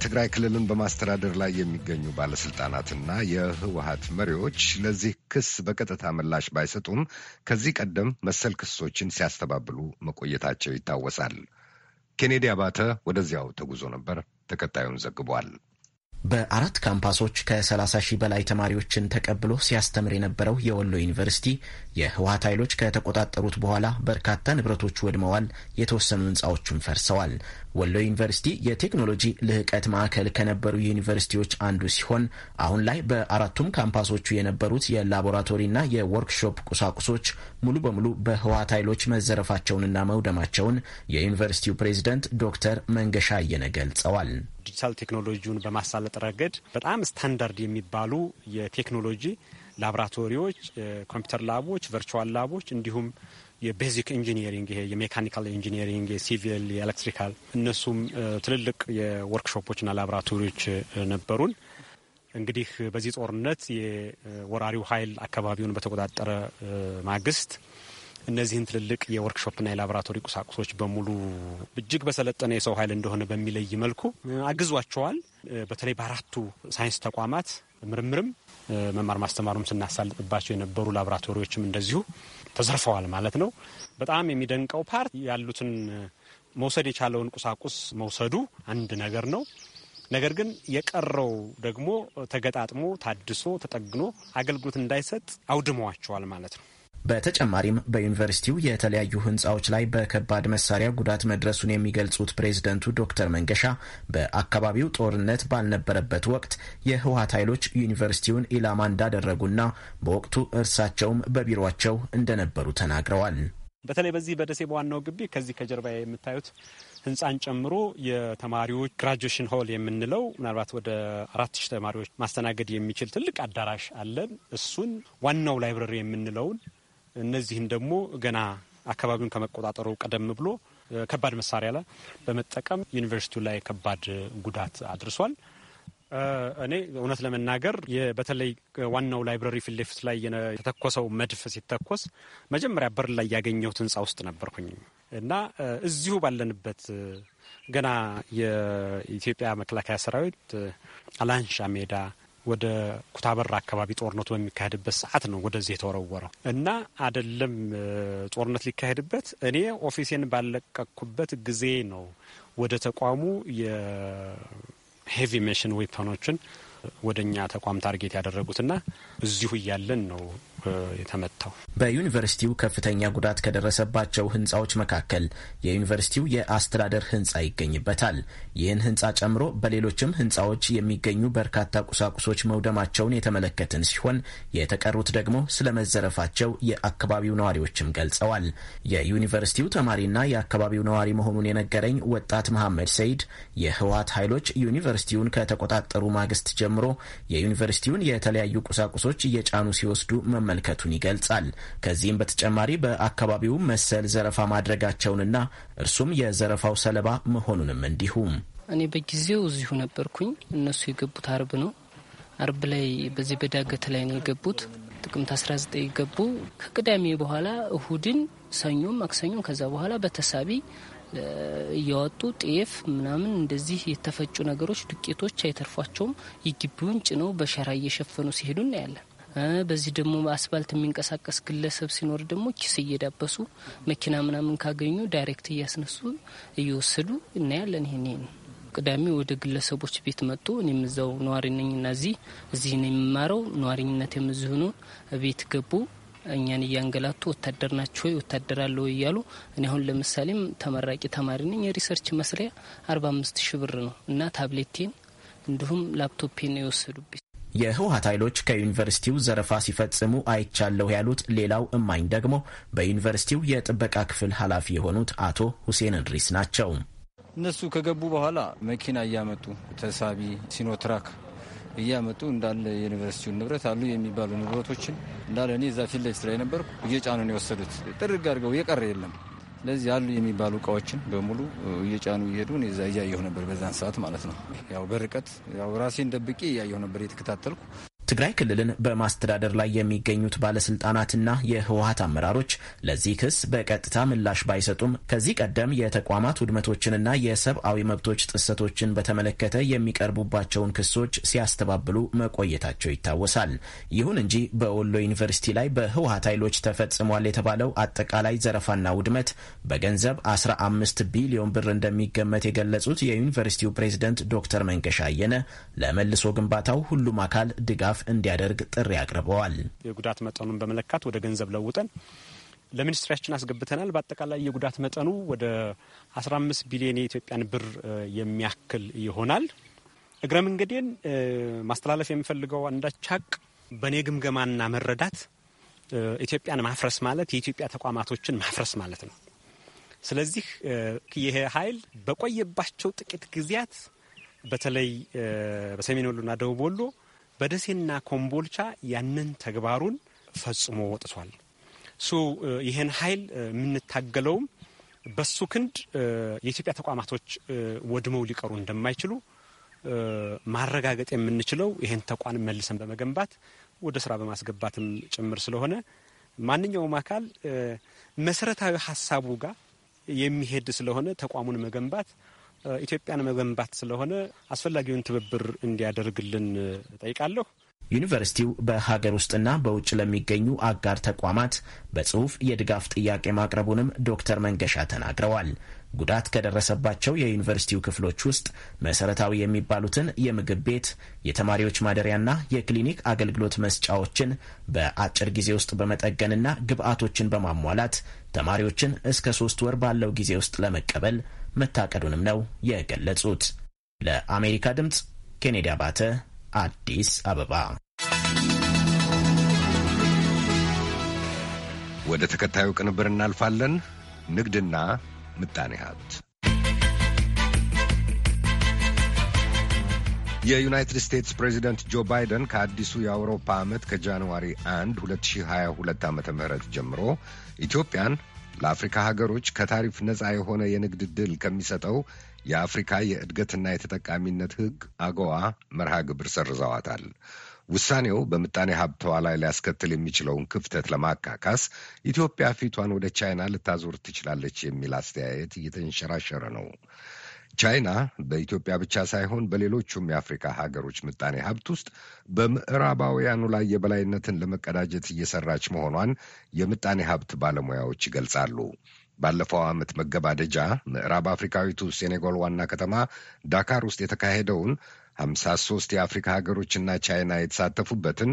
የትግራይ ክልልን በማስተዳደር ላይ የሚገኙ ባለስልጣናትና የህወሀት መሪዎች ለዚህ ክስ በቀጥታ ምላሽ ባይሰጡም ከዚህ ቀደም መሰል ክሶችን ሲያስተባብሉ መቆየታቸው ይታወሳል። ኬኔዲ አባተ ወደዚያው ተጉዞ ነበር፣ ተከታዩን ዘግቧል። በአራት ካምፓሶች ከ30 ሺህ በላይ ተማሪዎችን ተቀብሎ ሲያስተምር የነበረው የወሎ ዩኒቨርሲቲ የህወሀት ኃይሎች ከተቆጣጠሩት በኋላ በርካታ ንብረቶች ወድመዋል፣ የተወሰኑ ህንፃዎችም ፈርሰዋል። ወሎ ዩኒቨርሲቲ የቴክኖሎጂ ልህቀት ማዕከል ከነበሩ ዩኒቨርሲቲዎች አንዱ ሲሆን አሁን ላይ በአራቱም ካምፓሶቹ የነበሩት የላቦራቶሪና የወርክሾፕ ቁሳቁሶች ሙሉ በሙሉ በህወሀት ኃይሎች መዘረፋቸውንና መውደማቸውን የዩኒቨርሲቲው ፕሬዚደንት ዶክተር መንገሻ አየነ ገልጸዋል። ዲጂታል ቴክኖሎጂውን በማሳለጥ ረገድ በጣም ስታንዳርድ የሚባሉ የቴክኖሎጂ ላብራቶሪዎች፣ ኮምፒውተር ላቦች፣ ቨርቹዋል ላቦች እንዲሁም የቤዚክ ኢንጂኒሪንግ ይሄ የሜካኒካል ኢንጂኒሪንግ፣ የሲቪል፣ የኤሌክትሪካል እነሱም ትልልቅ የወርክሾፖችና ላብራቶሪዎች ነበሩን። እንግዲህ በዚህ ጦርነት የወራሪው ኃይል አካባቢውን በተቆጣጠረ ማግስት እነዚህን ትልልቅ የወርክሾፕና የላቦራቶሪ ቁሳቁሶች በሙሉ እጅግ በሰለጠነ የሰው ኃይል እንደሆነ በሚለይ መልኩ አግዟቸዋል። በተለይ በአራቱ ሳይንስ ተቋማት ምርምርም መማር ማስተማሩም ስናሳልጥባቸው የነበሩ ላቦራቶሪዎችም እንደዚሁ ተዘርፈዋል ማለት ነው። በጣም የሚደንቀው ፓርት ያሉትን መውሰድ የቻለውን ቁሳቁስ መውሰዱ አንድ ነገር ነው። ነገር ግን የቀረው ደግሞ ተገጣጥሞ ታድሶ ተጠግኖ አገልግሎት እንዳይሰጥ አውድመዋቸዋል ማለት ነው። በተጨማሪም በዩኒቨርሲቲው የተለያዩ ህንፃዎች ላይ በከባድ መሳሪያ ጉዳት መድረሱን የሚገልጹት ፕሬዝደንቱ ዶክተር መንገሻ በአካባቢው ጦርነት ባልነበረበት ወቅት የህወሀት ኃይሎች ዩኒቨርሲቲውን ኢላማ እንዳደረጉና በወቅቱ እርሳቸውም በቢሮቸው እንደነበሩ ተናግረዋል። በተለይ በዚህ በደሴ በዋናው ግቢ ከዚህ ከጀርባ የምታዩት ህንፃን ጨምሮ የተማሪዎች ግራጁዌሽን ሆል የምንለው ምናልባት ወደ አራት ሺህ ተማሪዎች ማስተናገድ የሚችል ትልቅ አዳራሽ አለን። እሱን ዋናው ላይብረሪ የምንለውን እነዚህም ደግሞ ገና አካባቢውን ከመቆጣጠሩ ቀደም ብሎ ከባድ መሳሪያ ላይ በመጠቀም ዩኒቨርሲቲው ላይ ከባድ ጉዳት አድርሷል። እኔ እውነት ለመናገር በተለይ ዋናው ላይብረሪ ፊት ለፊት ላይ የተተኮሰው መድፍ ሲተኮስ መጀመሪያ በር ላይ ያገኘሁት ህንፃ ውስጥ ነበርኩኝ እና እዚሁ ባለንበት ገና የኢትዮጵያ መከላከያ ሰራዊት አላንሻ ሜዳ ወደ ኩታበራ አካባቢ ጦርነቱ በሚካሄድበት ሰዓት ነው ወደዚህ የተወረወረው እና አደለም ጦርነት ሊካሄድበት እኔ ኦፊሴን ባለቀኩበት ጊዜ ነው ወደ ተቋሙ የሄቪ ሜሽን ዌፐኖችን ወደ እኛ ተቋም ታርጌት ያደረጉትና እዚሁ እያለን ነው የተመታው። በዩኒቨርሲቲው ከፍተኛ ጉዳት ከደረሰባቸው ህንፃዎች መካከል የዩኒቨርሲቲው የአስተዳደር ህንፃ ይገኝበታል። ይህን ህንፃ ጨምሮ በሌሎችም ህንፃዎች የሚገኙ በርካታ ቁሳቁሶች መውደማቸውን የተመለከትን ሲሆን የተቀሩት ደግሞ ስለመዘረፋቸው የአካባቢው ነዋሪዎችም ገልጸዋል። የዩኒቨርሲቲው ተማሪና የአካባቢው ነዋሪ መሆኑን የነገረኝ ወጣት መሐመድ ሰይድ የህወሀት ኃይሎች ዩኒቨርሲቲውን ከተቆጣጠሩ ማግስት ጀምሮ የዩኒቨርሲቲውን የተለያዩ ቁሳቁሶች እየጫኑ ሲወስዱ መመለ መመልከቱን ይገልጻል። ከዚህም በተጨማሪ በአካባቢው መሰል ዘረፋ ማድረጋቸውንና እርሱም የዘረፋው ሰለባ መሆኑንም እንዲሁም እኔ በጊዜው እዚሁ ነበርኩኝ። እነሱ የገቡት አርብ ነው። አርብ ላይ በዚህ በዳገት ላይ ነው የገቡት። ጥቅምት 19 ገቡ። ከቅዳሜ በኋላ እሁድን፣ ሰኞም፣ ማክሰኞም ከዛ በኋላ በተሳቢ እያወጡ ጤፍ ምናምን እንደዚህ የተፈጩ ነገሮች ዱቄቶች አይተርፏቸውም። የግቢውን ጭነው በሸራ እየሸፈኑ ሲሄዱ እናያለን። በዚህ ደግሞ አስፋልት የሚንቀሳቀስ ግለሰብ ሲኖር ደግሞ ኪስ እየዳበሱ መኪና ምናምን ካገኙ ዳይሬክት እያስነሱ እየወሰዱ እናያለን። ይሄን ነው። ቅዳሜ ወደ ግለሰቦች ቤት መጥቶ እኔም እዛው ነዋሪ ነኝና እዚህ እዚህ ነው የሚማረው ነዋሪኝነት የምዝህ ነው ቤት ገቡ እኛን እያንገላቱ ወታደር ናቸው ወይ ወታደር አለው እያሉ እኔ አሁን ለምሳሌም ተመራቂ ተማሪ ነኝ። የሪሰርች መስሪያ አርባ አምስት ሺ ብር ነው እና ታብሌቴን እንዲሁም ላፕቶፔን ነው የወሰዱብኝ የህወሀት ኃይሎች ከዩኒቨርሲቲው ዘረፋ ሲፈጽሙ አይቻለሁ ያሉት ሌላው እማኝ ደግሞ በዩኒቨርሲቲው የጥበቃ ክፍል ኃላፊ የሆኑት አቶ ሁሴን እድሪስ ናቸው። እነሱ ከገቡ በኋላ መኪና እያመጡ ተሳቢ ሲኖትራክ እያመጡ እንዳለ የዩኒቨርሲቲውን ንብረት አሉ የሚባሉ ንብረቶችን እንዳለ እኔ እዛ ፊት ለፊት ላይ ነበርኩ እየጫኑን የወሰዱት ጥርግ አድርገው የቀረ የለም ስለዚህ ያሉ የሚባሉ እቃዎችን በሙሉ እየጫኑ እየሄዱ እዛ እያየሁ ነበር፣ በዛን ሰዓት ማለት ነው። ያው በርቀት ያው ራሴን ደብቄ እያየሁ ነበር የተከታተልኩ የትግራይ ክልልን በማስተዳደር ላይ የሚገኙት ባለስልጣናትና የህወሀት አመራሮች ለዚህ ክስ በቀጥታ ምላሽ ባይሰጡም ከዚህ ቀደም የተቋማት ውድመቶችንና የሰብአዊ መብቶች ጥሰቶችን በተመለከተ የሚቀርቡባቸውን ክሶች ሲያስተባብሉ መቆየታቸው ይታወሳል። ይሁን እንጂ በወሎ ዩኒቨርሲቲ ላይ በህወሀት ኃይሎች ተፈጽሟል የተባለው አጠቃላይ ዘረፋና ውድመት በገንዘብ 15 ቢሊዮን ብር እንደሚገመት የገለጹት የዩኒቨርሲቲው ፕሬዝደንት ዶክተር መንገሻ አየነ ለመልሶ ግንባታው ሁሉም አካል ድጋፍ እንዲያደርግ ጥሪ አቅርበዋል። የጉዳት መጠኑን በመለካት ወደ ገንዘብ ለውጠን ለሚኒስትሪያችን አስገብተናል። በአጠቃላይ የጉዳት መጠኑ ወደ 15 ቢሊዮን የኢትዮጵያን ብር የሚያክል ይሆናል። እግረ መንገዴን ማስተላለፍ የምፈልገው አንዳች ሀቅ በእኔ ግምገማና መረዳት ኢትዮጵያን ማፍረስ ማለት የኢትዮጵያ ተቋማቶችን ማፍረስ ማለት ነው። ስለዚህ ይሄ ኃይል በቆየባቸው ጥቂት ጊዜያት በተለይ በሰሜን ወሎና ደቡብ ወሎ በደሴና ኮምቦልቻ ያንን ተግባሩን ፈጽሞ ወጥቷል። ሶ ይህን ኃይል የምንታገለውም በሱ ክንድ የኢትዮጵያ ተቋማቶች ወድመው ሊቀሩ እንደማይችሉ ማረጋገጥ የምንችለው ይህን ተቋም መልሰን በመገንባት ወደ ስራ በማስገባትም ጭምር ስለሆነ ማንኛውም አካል መሰረታዊ ሀሳቡ ጋር የሚሄድ ስለሆነ ተቋሙን መገንባት ኢትዮጵያን መገንባት ስለሆነ አስፈላጊውን ትብብር እንዲያደርግልን ጠይቃለሁ። ዩኒቨርሲቲው በሀገር ውስጥና በውጭ ለሚገኙ አጋር ተቋማት በጽሁፍ የድጋፍ ጥያቄ ማቅረቡንም ዶክተር መንገሻ ተናግረዋል። ጉዳት ከደረሰባቸው የዩኒቨርሲቲው ክፍሎች ውስጥ መሰረታዊ የሚባሉትን የምግብ ቤት፣ የተማሪዎች ማደሪያና የክሊኒክ አገልግሎት መስጫዎችን በአጭር ጊዜ ውስጥ በመጠገንና ግብዓቶችን በማሟላት ተማሪዎችን እስከ ሶስት ወር ባለው ጊዜ ውስጥ ለመቀበል መታቀዱንም ነው የገለጹት። ለአሜሪካ ድምፅ ኬኔዲ አባተ አዲስ አበባ። ወደ ተከታዩ ቅንብር እናልፋለን። ንግድና ምጣኔ ሀብት የዩናይትድ ስቴትስ ፕሬዚደንት ጆ ባይደን ከአዲሱ የአውሮፓ ዓመት ከጃንዋሪ 1 2022 ዓ ም ጀምሮ ኢትዮጵያን ለአፍሪካ ሀገሮች ከታሪፍ ነፃ የሆነ የንግድ ድል ከሚሰጠው የአፍሪካ የእድገትና የተጠቃሚነት ህግ አገዋ መርሃ ግብር ሰርዘዋታል። ውሳኔው በምጣኔ ሀብተዋ ላይ ሊያስከትል የሚችለውን ክፍተት ለማካካስ ኢትዮጵያ ፊቷን ወደ ቻይና ልታዞር ትችላለች የሚል አስተያየት እየተንሸራሸረ ነው። ቻይና በኢትዮጵያ ብቻ ሳይሆን በሌሎቹም የአፍሪካ ሀገሮች ምጣኔ ሀብት ውስጥ በምዕራባውያኑ ላይ የበላይነትን ለመቀዳጀት እየሰራች መሆኗን የምጣኔ ሀብት ባለሙያዎች ይገልጻሉ። ባለፈው ዓመት መገባደጃ ምዕራብ አፍሪካዊቱ ሴኔጋል ዋና ከተማ ዳካር ውስጥ የተካሄደውን ሀምሳ ሶስት የአፍሪካ ሀገሮችና ቻይና የተሳተፉበትን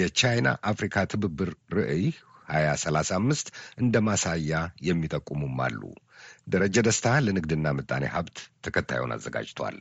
የቻይና አፍሪካ ትብብር ርዕይ ሀያ ሰላሳ አምስት እንደ ማሳያ የሚጠቁሙም አሉ። ደረጀ ደስታ ለንግድና ምጣኔ ሀብት ተከታዩን አዘጋጅቷል።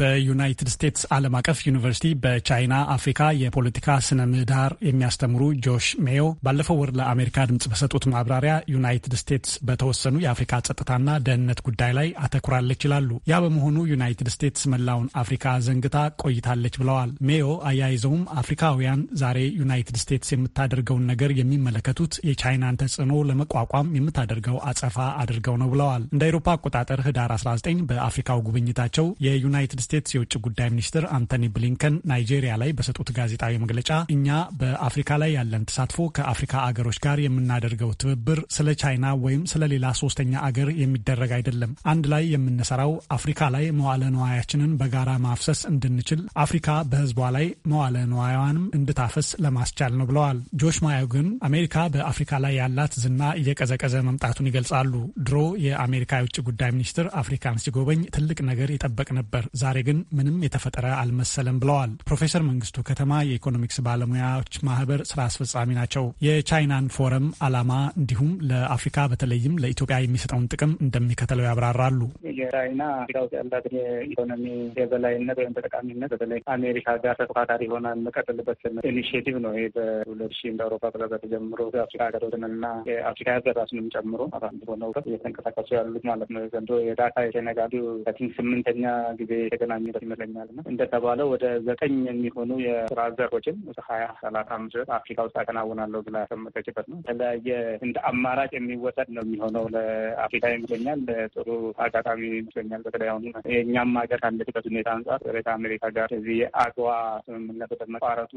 በዩናይትድ ስቴትስ ዓለም አቀፍ ዩኒቨርሲቲ በቻይና አፍሪካ የፖለቲካ ስነ ምህዳር የሚያስተምሩ ጆሽ ሜዮ ባለፈው ወር ለአሜሪካ ድምፅ በሰጡት ማብራሪያ ዩናይትድ ስቴትስ በተወሰኑ የአፍሪካ ጸጥታና ደህንነት ጉዳይ ላይ አተኩራለች ይላሉ። ያ በመሆኑ ዩናይትድ ስቴትስ መላውን አፍሪካ ዘንግታ ቆይታለች ብለዋል። ሜዮ አያይዘውም አፍሪካውያን ዛሬ ዩናይትድ ስቴትስ የምታደርገውን ነገር የሚመለከቱት የቻይናን ተጽዕኖ ለመቋቋም የምታደርገው አጸፋ አድርገው ነው ብለዋል። እንደ አውሮፓ አቆጣጠር ህዳር 19 በአፍሪካው ጉብኝታቸው የዩናይትድ የዩናይትድ ስቴትስ የውጭ ጉዳይ ሚኒስትር አንቶኒ ብሊንከን ናይጄሪያ ላይ በሰጡት ጋዜጣዊ መግለጫ እኛ በአፍሪካ ላይ ያለን ተሳትፎ ከአፍሪካ አገሮች ጋር የምናደርገው ትብብር ስለ ቻይና ወይም ስለ ሌላ ሶስተኛ አገር የሚደረግ አይደለም። አንድ ላይ የምንሰራው አፍሪካ ላይ መዋለ ነዋያችንን በጋራ ማፍሰስ እንድንችል፣ አፍሪካ በህዝቧ ላይ መዋለ ነዋያዋንም እንድታፈስ ለማስቻል ነው ብለዋል። ጆሽ ማዮ ግን አሜሪካ በአፍሪካ ላይ ያላት ዝና እየቀዘቀዘ መምጣቱን ይገልጻሉ። ድሮ የአሜሪካ የውጭ ጉዳይ ሚኒስትር አፍሪካን ሲጎበኝ ትልቅ ነገር ይጠበቅ ነበር። ዛሬ ግን ምንም የተፈጠረ አልመሰለም ብለዋል። ፕሮፌሰር መንግስቱ ከተማ የኢኮኖሚክስ ባለሙያዎች ማህበር ስራ አስፈጻሚ ናቸው። የቻይናን ፎረም አላማ እንዲሁም ለአፍሪካ በተለይም ለኢትዮጵያ የሚሰጠውን ጥቅም እንደሚከተለው ያብራራሉ። የቻይና አፍሪካ ውስጥ ያላትን የኢኮኖሚ የበላይነት ወይም ተጠቃሚነት በተለይ አሜሪካ ጋር ተፎካካሪ የምቀጥልበት ኢኒሽቲቭ ነው። በሁለት እንደ አውሮፓ ጀምሮ የአፍሪካ ሀገሮችንና የአፍሪካ ህብረት ራሱንም ጨምሮ አራንድ ሆነው እየተንቀሳቀሱ ያሉት ማለት ነው። ዘንድሮ የዳታ የተነጋዱ ከቲንግ ስምንተኛ ጊዜ የተገናኘበት ይመስለኛል እና እንደተባለው ወደ ዘጠኝ የሚሆኑ የስራ ዘርፎችን ሀያ ሰላሳ አምስት ድረስ አፍሪካ ውስጥ አከናውናለሁ ብላ ያስቀመጠችበት ነው። የተለያየ እንደ አማራጭ የሚወሰድ ነው የሚሆነው ለአፍሪካ ይመስለኛል። ለጥሩ አጋጣሚ ይመስለኛል። በተለይ አሁኑ የእኛም ሀገር ካለችበት ሁኔታ አንጻር ሬታ አሜሪካ ጋር እዚህ የአድዋ ስምምነት ወደ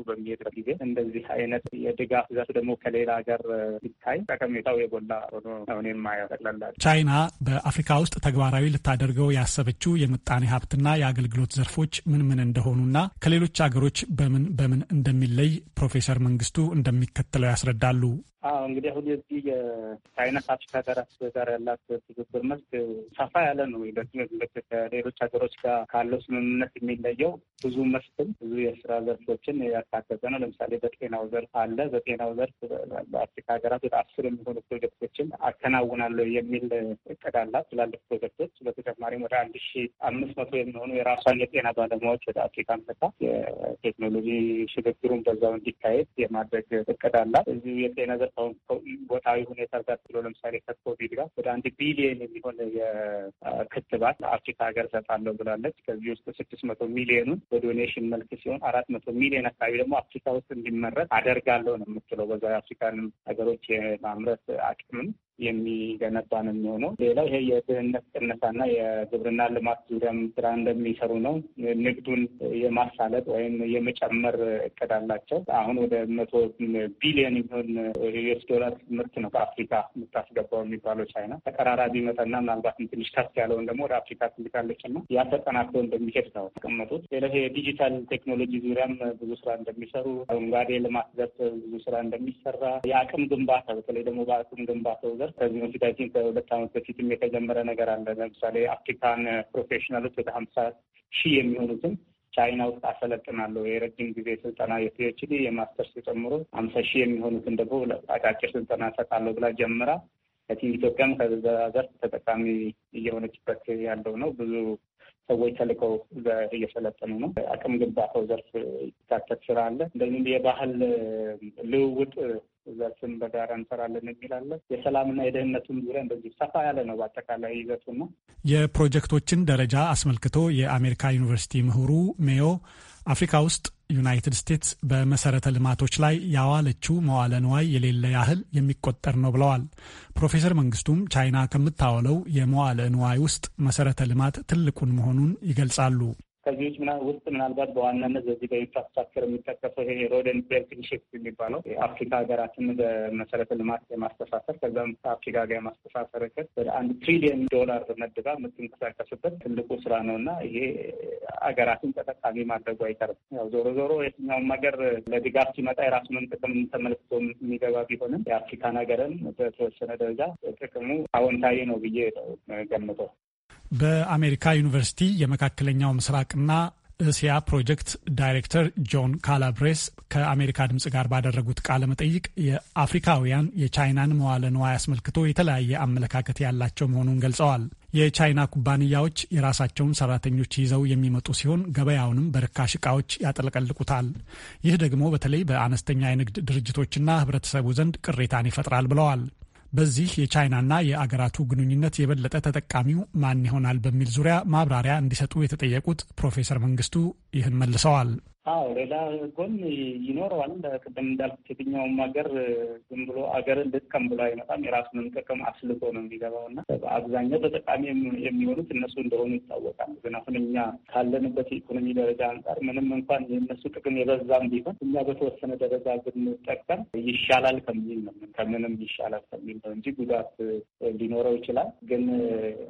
በሚሄድበት ጊዜ እንደዚህ አይነት የድጋፍ ዘርፍ ደግሞ ከሌላ ሀገር ሲታይ ጠቀሜታው የጎላ ሆኖ አሁን ማያጠቅላላል ቻይና በአፍሪካ ውስጥ ተግባራዊ ልታደርገው ያሰበችው የምጣኔ ሀብትና የአገልግሎት ዘርፎች ምን ምን እንደሆኑና ከሌሎች አገሮች በምን በምን እንደሚለይ ፕሮፌሰር መንግስቱ እንደሚከተለው ያስረዳሉ። አዎ እንግዲህ አሁን የዚህ የቻይና ከአፍሪካ ሀገራት ጋር ያላት ትብብር መልክ ሰፋ ያለ ነው። ከሌሎች ሀገሮች ጋር ካለው ስምምነት የሚለየው ብዙ መስፍን ብዙ የስራ ዘርፎችን ያካተተ ነው። ለምሳሌ በጤናው ዘርፍ አለ። በጤናው ዘርፍ በአፍሪካ ሀገራት ወደ አስር የሚሆኑ ፕሮጀክቶችን አከናውናለሁ የሚል እቅድ አላት። ትላልቅ ፕሮጀክቶች በተጨማሪም ወደ አንድ ሺ አምስት መቶ የሚሆኑ የራሷን የጤና ባለሙያዎች ወደ አፍሪካ መታ የቴክኖሎጂ ሽግግሩን በዛው እንዲካሄድ የማድረግ እቅድ አላት። እዚሁ የጤና ዘርፋውን ቦታዊ ሁኔታ ጋር ብሎ ለምሳሌ ከኮቪድ ጋር ወደ አንድ ቢሊየን የሚሆን የክትባት ለአፍሪካ ሀገር ሰጣለሁ ብላለች። ከዚህ ውስጥ ስድስት መቶ ሚሊዮኑን በዶኔሽን መልክ ሲሆን አራት መቶ ሚሊዮን አካባቢ ደግሞ አፍሪካ ውስጥ እንዲመረት አደርጋለሁ ነው የምትለው። በዛ የአፍሪካን ሀገሮች የማምረት አቅምም የሚገነባ ነው የሚሆነው። ሌላው ይሄ የድህነት ቅነሳና የግብርና ልማት ዙሪያም ስራ እንደሚሰሩ ነው። ንግዱን የማሳለጥ ወይም የመጨመር እቅድ አላቸው። አሁን ወደ መቶ ቢሊዮን የሚሆን የዩኤስ ዶላር ምርት ነው ከአፍሪካ የምታስገባው የሚባለው ቻይና ተቀራራቢ መጠንና ምናልባትም ትንሽ ከፍ ያለውን ደግሞ ወደ አፍሪካ ትልካለች እና ያ ተጠናክሮ እንደሚሄድ ነው ተቀመጡት። ሌላው የዲጂታል ቴክኖሎጂ ዙሪያም ብዙ ስራ እንደሚሰሩ፣ አረንጓዴ ልማት ዘርፍ ብዙ ስራ እንደሚሰራ፣ የአቅም ግንባታ በተለይ ደግሞ በአቅም ግንባታው ነገር ከዚህ በፊት አይ ቲንክ ከሁለት ዓመት በፊትም የተጀመረ ነገር አለ። ለምሳሌ አፍሪካን ፕሮፌሽናሎች ወደ ሀምሳ ሺህ የሚሆኑትን ቻይና ውስጥ አሰለጥናለሁ የረጅም ጊዜ ስልጠና የፒኤችዲ የማስተርስ ጨምሮ ሀምሳ ሺህ የሚሆኑትን ደግሞ አጫጭር ስልጠና እሰጣለሁ ብላ ጀምራ ከቲም ኢትዮጵያም ከዛ ዘርፍ ተጠቃሚ እየሆነችበት ያለው ነው። ብዙ ሰዎች ተልከው እየሰለጠኑ ነው። አቅም ግንባታው ዘርፍ ይካተት ስራ አለ። እንደዚህም የባህል ልውውጥ ሁላችንም በጋራ እንሰራለን የሚላለን የሰላምና የደህንነቱን ዙሪያ እንደዚህ ሰፋ ያለ ነው። በአጠቃላይ ነው። የፕሮጀክቶችን ደረጃ አስመልክቶ የአሜሪካ ዩኒቨርሲቲ ምሁሩ ሜዮ አፍሪካ ውስጥ ዩናይትድ ስቴትስ በመሰረተ ልማቶች ላይ ያዋለችው መዋለ ንዋይ የሌለ ያህል የሚቆጠር ነው ብለዋል። ፕሮፌሰር መንግስቱም ቻይና ከምታዋለው የመዋለ ንዋይ ውስጥ መሰረተ ልማት ትልቁን መሆኑን ይገልጻሉ። ከዚህ ውጭ ውስጥ ምናልባት በዋናነት በዚህ በኢንፍራስትራክቸር የሚጠቀሰው ይሄ ሮደን ቤልት ኢኒሼቲቭ የሚባለው የአፍሪካ ሀገራትን በመሰረተ ልማት የማስተሳሰር ከዛም ከአፍሪካ ጋር የማስተሳሰር እቅድ ወደ አንድ ትሪሊየን ዶላር መድባ የምትንቀሳቀስበት ትልቁ ስራ ነው እና ይሄ ሀገራትን ተጠቃሚ ማድረጉ አይቀርም። ያው ዞሮ ዞሮ የትኛውም ሀገር ለድጋፍ ሲመጣ የራሱ ምን ጥቅም ተመልክቶ የሚገባ ቢሆንም የአፍሪካን ሀገርን በተወሰነ ደረጃ ጥቅሙ አዎንታዊ ነው ብዬ ገምተው በአሜሪካ ዩኒቨርሲቲ የመካከለኛው ምስራቅና እስያ ፕሮጀክት ዳይሬክተር ጆን ካላብሬስ ከአሜሪካ ድምፅ ጋር ባደረጉት ቃለ መጠይቅ የአፍሪካውያን የቻይናን መዋለ ንዋይ አስመልክቶ የተለያየ አመለካከት ያላቸው መሆኑን ገልጸዋል። የቻይና ኩባንያዎች የራሳቸውን ሰራተኞች ይዘው የሚመጡ ሲሆን ገበያውንም በርካሽ እቃዎች ያጠለቀልቁታል። ይህ ደግሞ በተለይ በአነስተኛ የንግድ ድርጅቶችና ህብረተሰቡ ዘንድ ቅሬታን ይፈጥራል ብለዋል። በዚህ የቻይናና የአገራቱ ግንኙነት የበለጠ ተጠቃሚው ማን ይሆናል በሚል ዙሪያ ማብራሪያ እንዲሰጡ የተጠየቁት ፕሮፌሰር መንግስቱ ይህን መልሰዋል። አዎ ሌላ ጎን ይኖረዋል። ቅድም እንዳልኩት የትኛውም ሀገር ዝም ብሎ አገር ልጥቀም ብሎ አይመጣም። የራሱን ጥቅም አስልቶ ነው የሚገባው እና በአብዛኛው ተጠቃሚ የሚሆኑት እነሱ እንደሆኑ ይታወቃል። ግን አሁን እኛ ካለንበት የኢኮኖሚ ደረጃ አንጻር ምንም እንኳን የእነሱ ጥቅም የበዛም ቢሆን እኛ በተወሰነ ደረጃ ብንጠቀም ይሻላል ከሚል ነው ከምንም ይሻላል ከሚል ነው እንጂ ጉዳት ሊኖረው ይችላል። ግን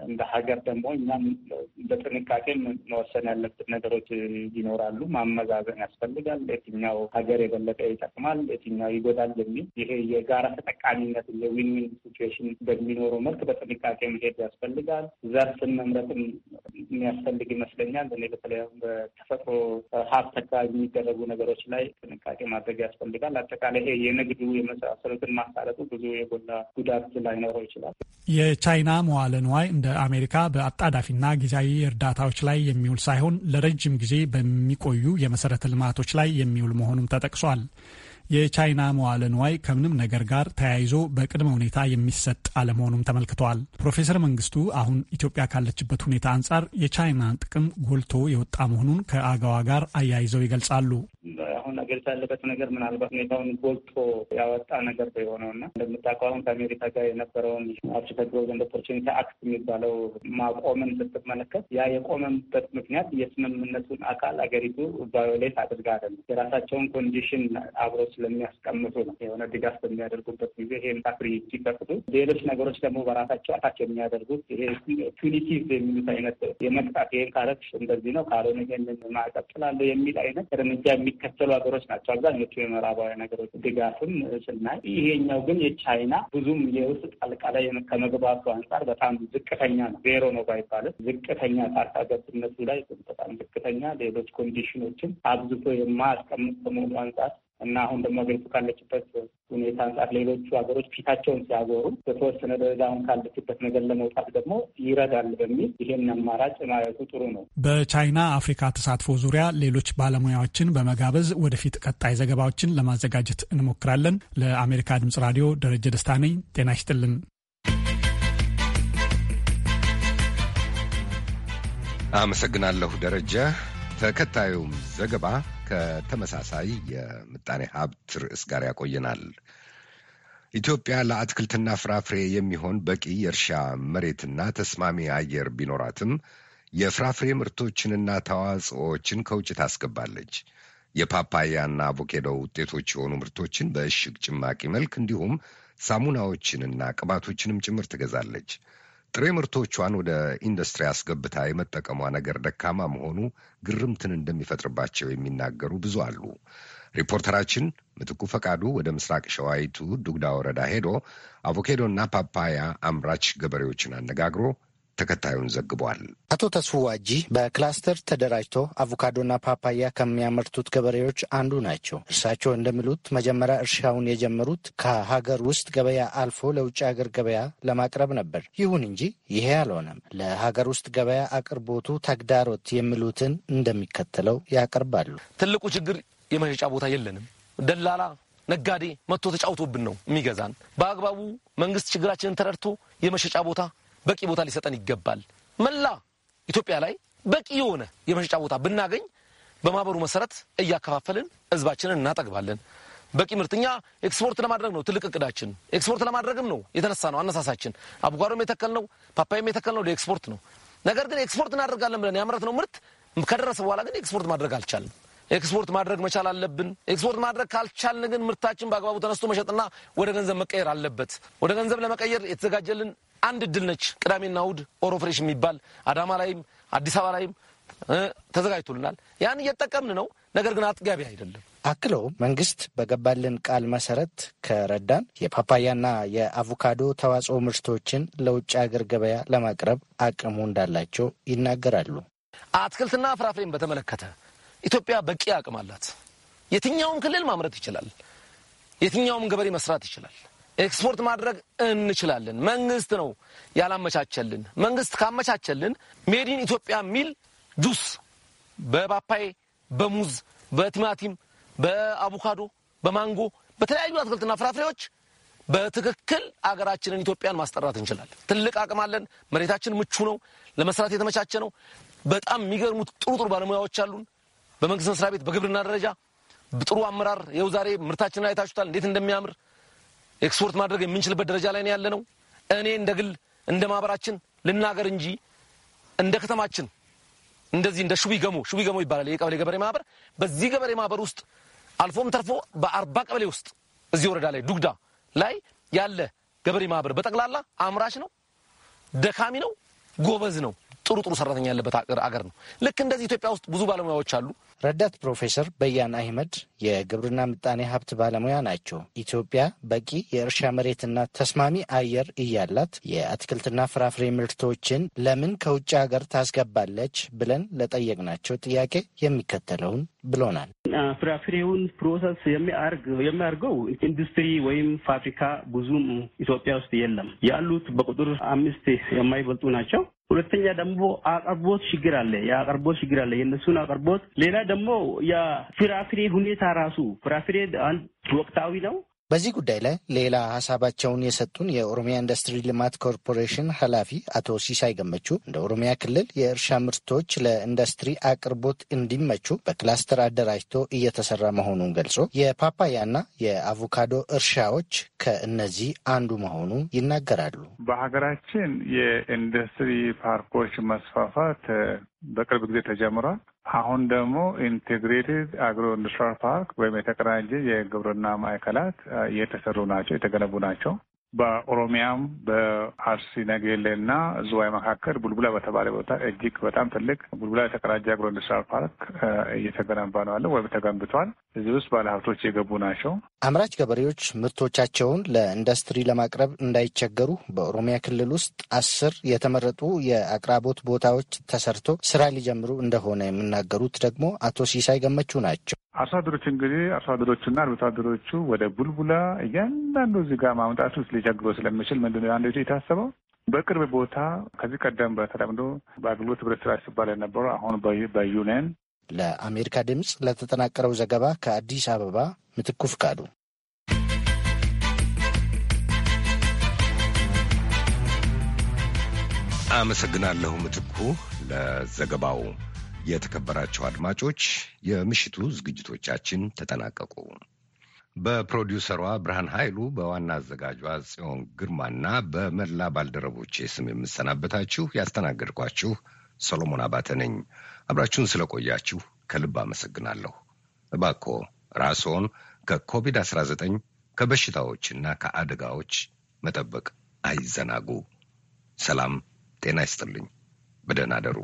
እንደ ሀገር ደግሞ እኛም በጥንቃቄ መወሰን ያለብን ነገሮች ይኖራሉ ማመዛ ማመዛዘን ያስፈልጋል። የትኛው ሀገር የበለጠ ይጠቅማል፣ የትኛው ይጎዳል የሚል ይሄ የጋራ ተጠቃሚነት የዊንዊን ሲትዌሽን በሚኖረው መልክ በጥንቃቄ መሄድ ያስፈልጋል። ዘርፍን መምረጥም የሚያስፈልግ ይመስለኛል። እኔ በተለይ በተፈጥሮ ሀብት አካባቢ የሚደረጉ ነገሮች ላይ ጥንቃቄ ማድረግ ያስፈልጋል። አጠቃላይ ይሄ የንግዱ የመሳሰሉትን ማሳለጡ ብዙ የጎላ ጉዳት ላይኖረው ይችላል። የቻይና መዋለ ንዋይ እንደ አሜሪካ በአጣዳፊና ጊዜያዊ እርዳታዎች ላይ የሚውል ሳይሆን ለረጅም ጊዜ በሚቆዩ የመሰረ መሰረተ ልማቶች ላይ የሚውል መሆኑም ተጠቅሷል። የቻይና መዋለ ንዋይ ከምንም ነገር ጋር ተያይዞ በቅድመ ሁኔታ የሚሰጥ አለመሆኑም ተመልክተዋል። ፕሮፌሰር መንግስቱ አሁን ኢትዮጵያ ካለችበት ሁኔታ አንጻር የቻይና ጥቅም ጎልቶ የወጣ መሆኑን ከአገዋ ጋር አያይዘው ይገልጻሉ። አሁን ሀገሪቱ ያለበት ነገር ምናልባት ሁኔታውን ጎልቶ ያወጣ ነገር የሆነው እና እንደምታውቀው አሁን ከአሜሪካ ጋር የነበረውን አርቲክል ግሮዝ ኤንድ ኦፖርቹኒቲ አክት የሚባለው ማቆምን ስትመለከት ያ የቆመበት ምክንያት የስምምነቱን አካል አገሪቱ ቫዮሌት አድርጋ አይደለም፣ የራሳቸውን ኮንዲሽን አብሮ ስለሚያስቀምጡ ነው። የሆነ ድጋፍ በሚያደርጉበት ጊዜ ይሄን ታክሪ ሲከፍቱ፣ ሌሎች ነገሮች ደግሞ በራሳቸው አታች የሚያደርጉት ይሄ ፒኒቲቭ የሚሉት አይነት የመቅጣት ይሄን ካረግሽ እንደዚህ ነው ካልሆነ ይሄንን ማዕቀብ ጥላለሁ የሚል አይነት እርምጃ የሚ የሚከተሉ ሀገሮች ናቸው አብዛኞቹ የምዕራባዊ ነገሮች ድጋፍም ስናይ፣ ይሄኛው ግን የቻይና ብዙም የውስጥ ጣልቃ ላይ ከመግባቱ አንጻር በጣም ዝቅተኛ ነው። ዜሮ ነው ባይባልም ዝቅተኛ ጣልቃ ገብነቱ ላይ በጣም ዝቅተኛ፣ ሌሎች ኮንዲሽኖችም አብዝቶ የማያስቀምጥ ከመሆኑ አንጻር እና አሁን ደግሞ ሀገሪቱ ካለችበት ሁኔታ አንጻር ሌሎቹ ሀገሮች ፊታቸውን ሲያዞሩ በተወሰነ ደረጃ አሁን ካለችበት ነገር ለመውጣት ደግሞ ይረዳል በሚል ይሄን አማራጭ ማየቱ ጥሩ ነው። በቻይና አፍሪካ ተሳትፎ ዙሪያ ሌሎች ባለሙያዎችን በመጋበዝ ወደፊት ቀጣይ ዘገባዎችን ለማዘጋጀት እንሞክራለን። ለአሜሪካ ድምጽ ራዲዮ ደረጀ ደስታ ነኝ። ጤና ይስጥልን። አመሰግናለሁ ደረጀ። ተከታዩም ዘገባ ከተመሳሳይ የምጣኔ ሀብት ርዕስ ጋር ያቆየናል። ኢትዮጵያ ለአትክልትና ፍራፍሬ የሚሆን በቂ የእርሻ መሬትና ተስማሚ አየር ቢኖራትም የፍራፍሬ ምርቶችንና ተዋጽኦዎችን ከውጭ ታስገባለች። የፓፓያና አቮኬዶ ውጤቶች የሆኑ ምርቶችን በእሽግ ጭማቂ መልክ እንዲሁም ሳሙናዎችንና ቅባቶችንም ጭምር ትገዛለች። ጥሬ ምርቶቿን ወደ ኢንዱስትሪ አስገብታ የመጠቀሟ ነገር ደካማ መሆኑ ግርምትን እንደሚፈጥርባቸው የሚናገሩ ብዙ አሉ። ሪፖርተራችን ምትኩ ፈቃዱ ወደ ምስራቅ ሸዋይቱ ዱግዳ ወረዳ ሄዶ አቮኬዶና ፓፓያ አምራች ገበሬዎችን አነጋግሮ ተከታዩን ዘግቧል። አቶ ተስፉ ዋጂ በክላስተር ተደራጅቶ አቮካዶና ፓፓያ ከሚያመርቱት ገበሬዎች አንዱ ናቸው። እርሳቸው እንደሚሉት መጀመሪያ እርሻውን የጀመሩት ከሀገር ውስጥ ገበያ አልፎ ለውጭ ሀገር ገበያ ለማቅረብ ነበር። ይሁን እንጂ ይሄ አልሆነም። ለሀገር ውስጥ ገበያ አቅርቦቱ ተግዳሮት የሚሉትን እንደሚከተለው ያቀርባሉ። ትልቁ ችግር የመሸጫ ቦታ የለንም። ደላላ ነጋዴ መጥቶ ተጫውቶብን ነው የሚገዛን። በአግባቡ መንግስት ችግራችንን ተረድቶ የመሸጫ ቦታ በቂ ቦታ ሊሰጠን ይገባል። መላ ኢትዮጵያ ላይ በቂ የሆነ የመሸጫ ቦታ ብናገኝ በማህበሩ መሰረት እያከፋፈልን ህዝባችንን እናጠግባለን። በቂ ምርት እኛ ኤክስፖርት ለማድረግ ነው ትልቅ እቅዳችን። ኤክስፖርት ለማድረግም ነው የተነሳ ነው አነሳሳችን። አቡጓዶም የተከልነው ፓፓያም የተከልነው ለኤክስፖርት ነው። ነገር ግን ኤክስፖርት እናደርጋለን ብለን ያመረትነው ምርት ከደረሰ በኋላ ግን ኤክስፖርት ማድረግ አልቻልም። ኤክስፖርት ማድረግ መቻል አለብን። ኤክስፖርት ማድረግ ካልቻልን ግን ምርታችን በአግባቡ ተነስቶ መሸጥና ወደ ገንዘብ መቀየር አለበት። ወደ ገንዘብ ለመቀየር የተዘጋጀልን አንድ እድል ነች። ቅዳሜና ውድ ኦሮፍሬሽ የሚባል አዳማ ላይም አዲስ አበባ ላይም ተዘጋጅቶልናል። ያን እየጠቀምን ነው። ነገር ግን አጥጋቢ አይደለም። አክለውም መንግስት በገባልን ቃል መሰረት ከረዳን የፓፓያና የአቮካዶ ተዋጽኦ ምርቶችን ለውጭ ሀገር ገበያ ለማቅረብ አቅሙ እንዳላቸው ይናገራሉ። አትክልትና ፍራፍሬን በተመለከተ ኢትዮጵያ በቂ አቅም አላት። የትኛውም ክልል ማምረት ይችላል። የትኛውም ገበሬ መስራት ይችላል። ኤክስፖርት ማድረግ እንችላለን። መንግስት ነው ያላመቻቸልን። መንግስት ካመቻቸልን ሜዲን ኢትዮጵያ የሚል ጁስ በፓፓይ በሙዝ፣ በቲማቲም፣ በአቮካዶ፣ በማንጎ፣ በተለያዩ አትክልትና ፍራፍሬዎች በትክክል አገራችንን ኢትዮጵያን ማስጠራት እንችላለን። ትልቅ አቅም አለን። መሬታችን ምቹ ነው፣ ለመስራት የተመቻቸ ነው። በጣም የሚገርሙት ጥሩ ጥሩ ባለሙያዎች አሉን። በመንግስት መስሪያ ቤት በግብርና ደረጃ ጥሩ አመራር የው ዛሬ ምርታችንን አይታችሁታል፣ እንዴት እንደሚያምር ኤክስፖርት ማድረግ የምንችልበት ደረጃ ላይ ነው ያለ ነው። እኔ እንደ ግል እንደ ማህበራችን ልናገር እንጂ እንደ ከተማችን እንደዚህ እንደ ሹቢ ገሞ ሹቢ ገሞ ይባላል የቀበሌ ገበሬ ማህበር። በዚህ ገበሬ ማህበር ውስጥ አልፎም ተርፎ በአርባ ቀበሌ ውስጥ እዚህ ወረዳ ላይ ዱግዳ ላይ ያለ ገበሬ ማህበር በጠቅላላ አምራች ነው፣ ደካሚ ነው፣ ጎበዝ ነው። ጥሩ ጥሩ ሰራተኛ ያለበት አገር ነው። ልክ እንደዚህ ኢትዮጵያ ውስጥ ብዙ ባለሙያዎች አሉ። ረዳት ፕሮፌሰር በያን አህመድ የግብርና ምጣኔ ሀብት ባለሙያ ናቸው። ኢትዮጵያ በቂ የእርሻ መሬትና ተስማሚ አየር እያላት የአትክልትና ፍራፍሬ ምርቶችን ለምን ከውጭ ሀገር ታስገባለች ብለን ለጠየቅናቸው ጥያቄ የሚከተለውን ብሎናል። ፍራፍሬውን ፕሮሰስ የሚያደርገው ኢንዱስትሪ ወይም ፋብሪካ ብዙም ኢትዮጵያ ውስጥ የለም። ያሉት በቁጥር አምስት የማይበልጡ ናቸው። ሁለተኛ ደግሞ አቅርቦት ችግር አለ። የአቅርቦት ችግር አለ። የእነሱን አቅርቦት ሌላ ደግሞ የፍራፍሬ ሁኔታ ራሱ ፍራፍሬ ወቅታዊ ነው። በዚህ ጉዳይ ላይ ሌላ ሀሳባቸውን የሰጡን የኦሮሚያ ኢንዱስትሪ ልማት ኮርፖሬሽን ኃላፊ አቶ ሲሳይ ገመቹ እንደ ኦሮሚያ ክልል የእርሻ ምርቶች ለኢንዱስትሪ አቅርቦት እንዲመቹ በክላስተር አደራጅቶ እየተሰራ መሆኑን ገልጾ የፓፓያና የአቮካዶ እርሻዎች ከእነዚህ አንዱ መሆኑ ይናገራሉ። በሀገራችን የኢንዱስትሪ ፓርኮች መስፋፋት በቅርብ ጊዜ ተጀምሯል። አሁን ደግሞ ኢንቴግሬትድ አግሮ ኢንዱስትሪያል ፓርክ ወይም የተቀናጀ የግብርና ማዕከላት እየተሰሩ ናቸው፣ የተገነቡ ናቸው። በኦሮሚያም በአርሲ ነገሌ እና ዝዋይ መካከል ቡልቡላ በተባለ ቦታ እጅግ በጣም ትልቅ ቡልቡላ የተቀናጀ አግሮ ኢንዱስትሪያል ፓርክ እየተገነባ ነው ያለው ወይም ተገንብቷል። እዚህ ውስጥ ባለሀብቶች የገቡ ናቸው። አምራች ገበሬዎች ምርቶቻቸውን ለኢንዱስትሪ ለማቅረብ እንዳይቸገሩ በኦሮሚያ ክልል ውስጥ አስር የተመረጡ የአቅራቦት ቦታዎች ተሰርቶ ስራ ሊጀምሩ እንደሆነ የሚናገሩት ደግሞ አቶ ሲሳይ ገመቹ ናቸው። አርሶ አደሮች እንግዲህ አርሶ አደሮቹና አርብቶ አደሮቹ ወደ ቡልቡላ እያንዳንዱ እዚህ ጋር ማምጣቱ ሊቸግሮ ስለሚችል ምንድን ነው አንዱ የታሰበው በቅርብ ቦታ ከዚህ ቀደም በተለምዶ በአገልግሎት ህብረት ስራ ሲባል የነበረው አሁን በዩኒየን ለአሜሪካ ድምፅ ለተጠናቀረው ዘገባ ከአዲስ አበባ ምትኩ ፍቃዱ። አመሰግናለሁ ምትኩ ለዘገባው። የተከበራቸው አድማጮች የምሽቱ ዝግጅቶቻችን ተጠናቀቁ። በፕሮዲውሰሯ ብርሃን ኃይሉ በዋና አዘጋጇ ጽዮን ግርማና በመላ ባልደረቦቼ ስም የምሰናበታችሁ ያስተናገድኳችሁ ሰሎሞን አባተ ነኝ። አብራችሁን ስለቆያችሁ ከልብ አመሰግናለሁ። እባክዎ ራስዎን ከኮቪድ-19 ከበሽታዎችና ከአደጋዎች መጠበቅ አይዘናጉ። ሰላም ጤና ይስጥልኝ። በደህና አደሩ።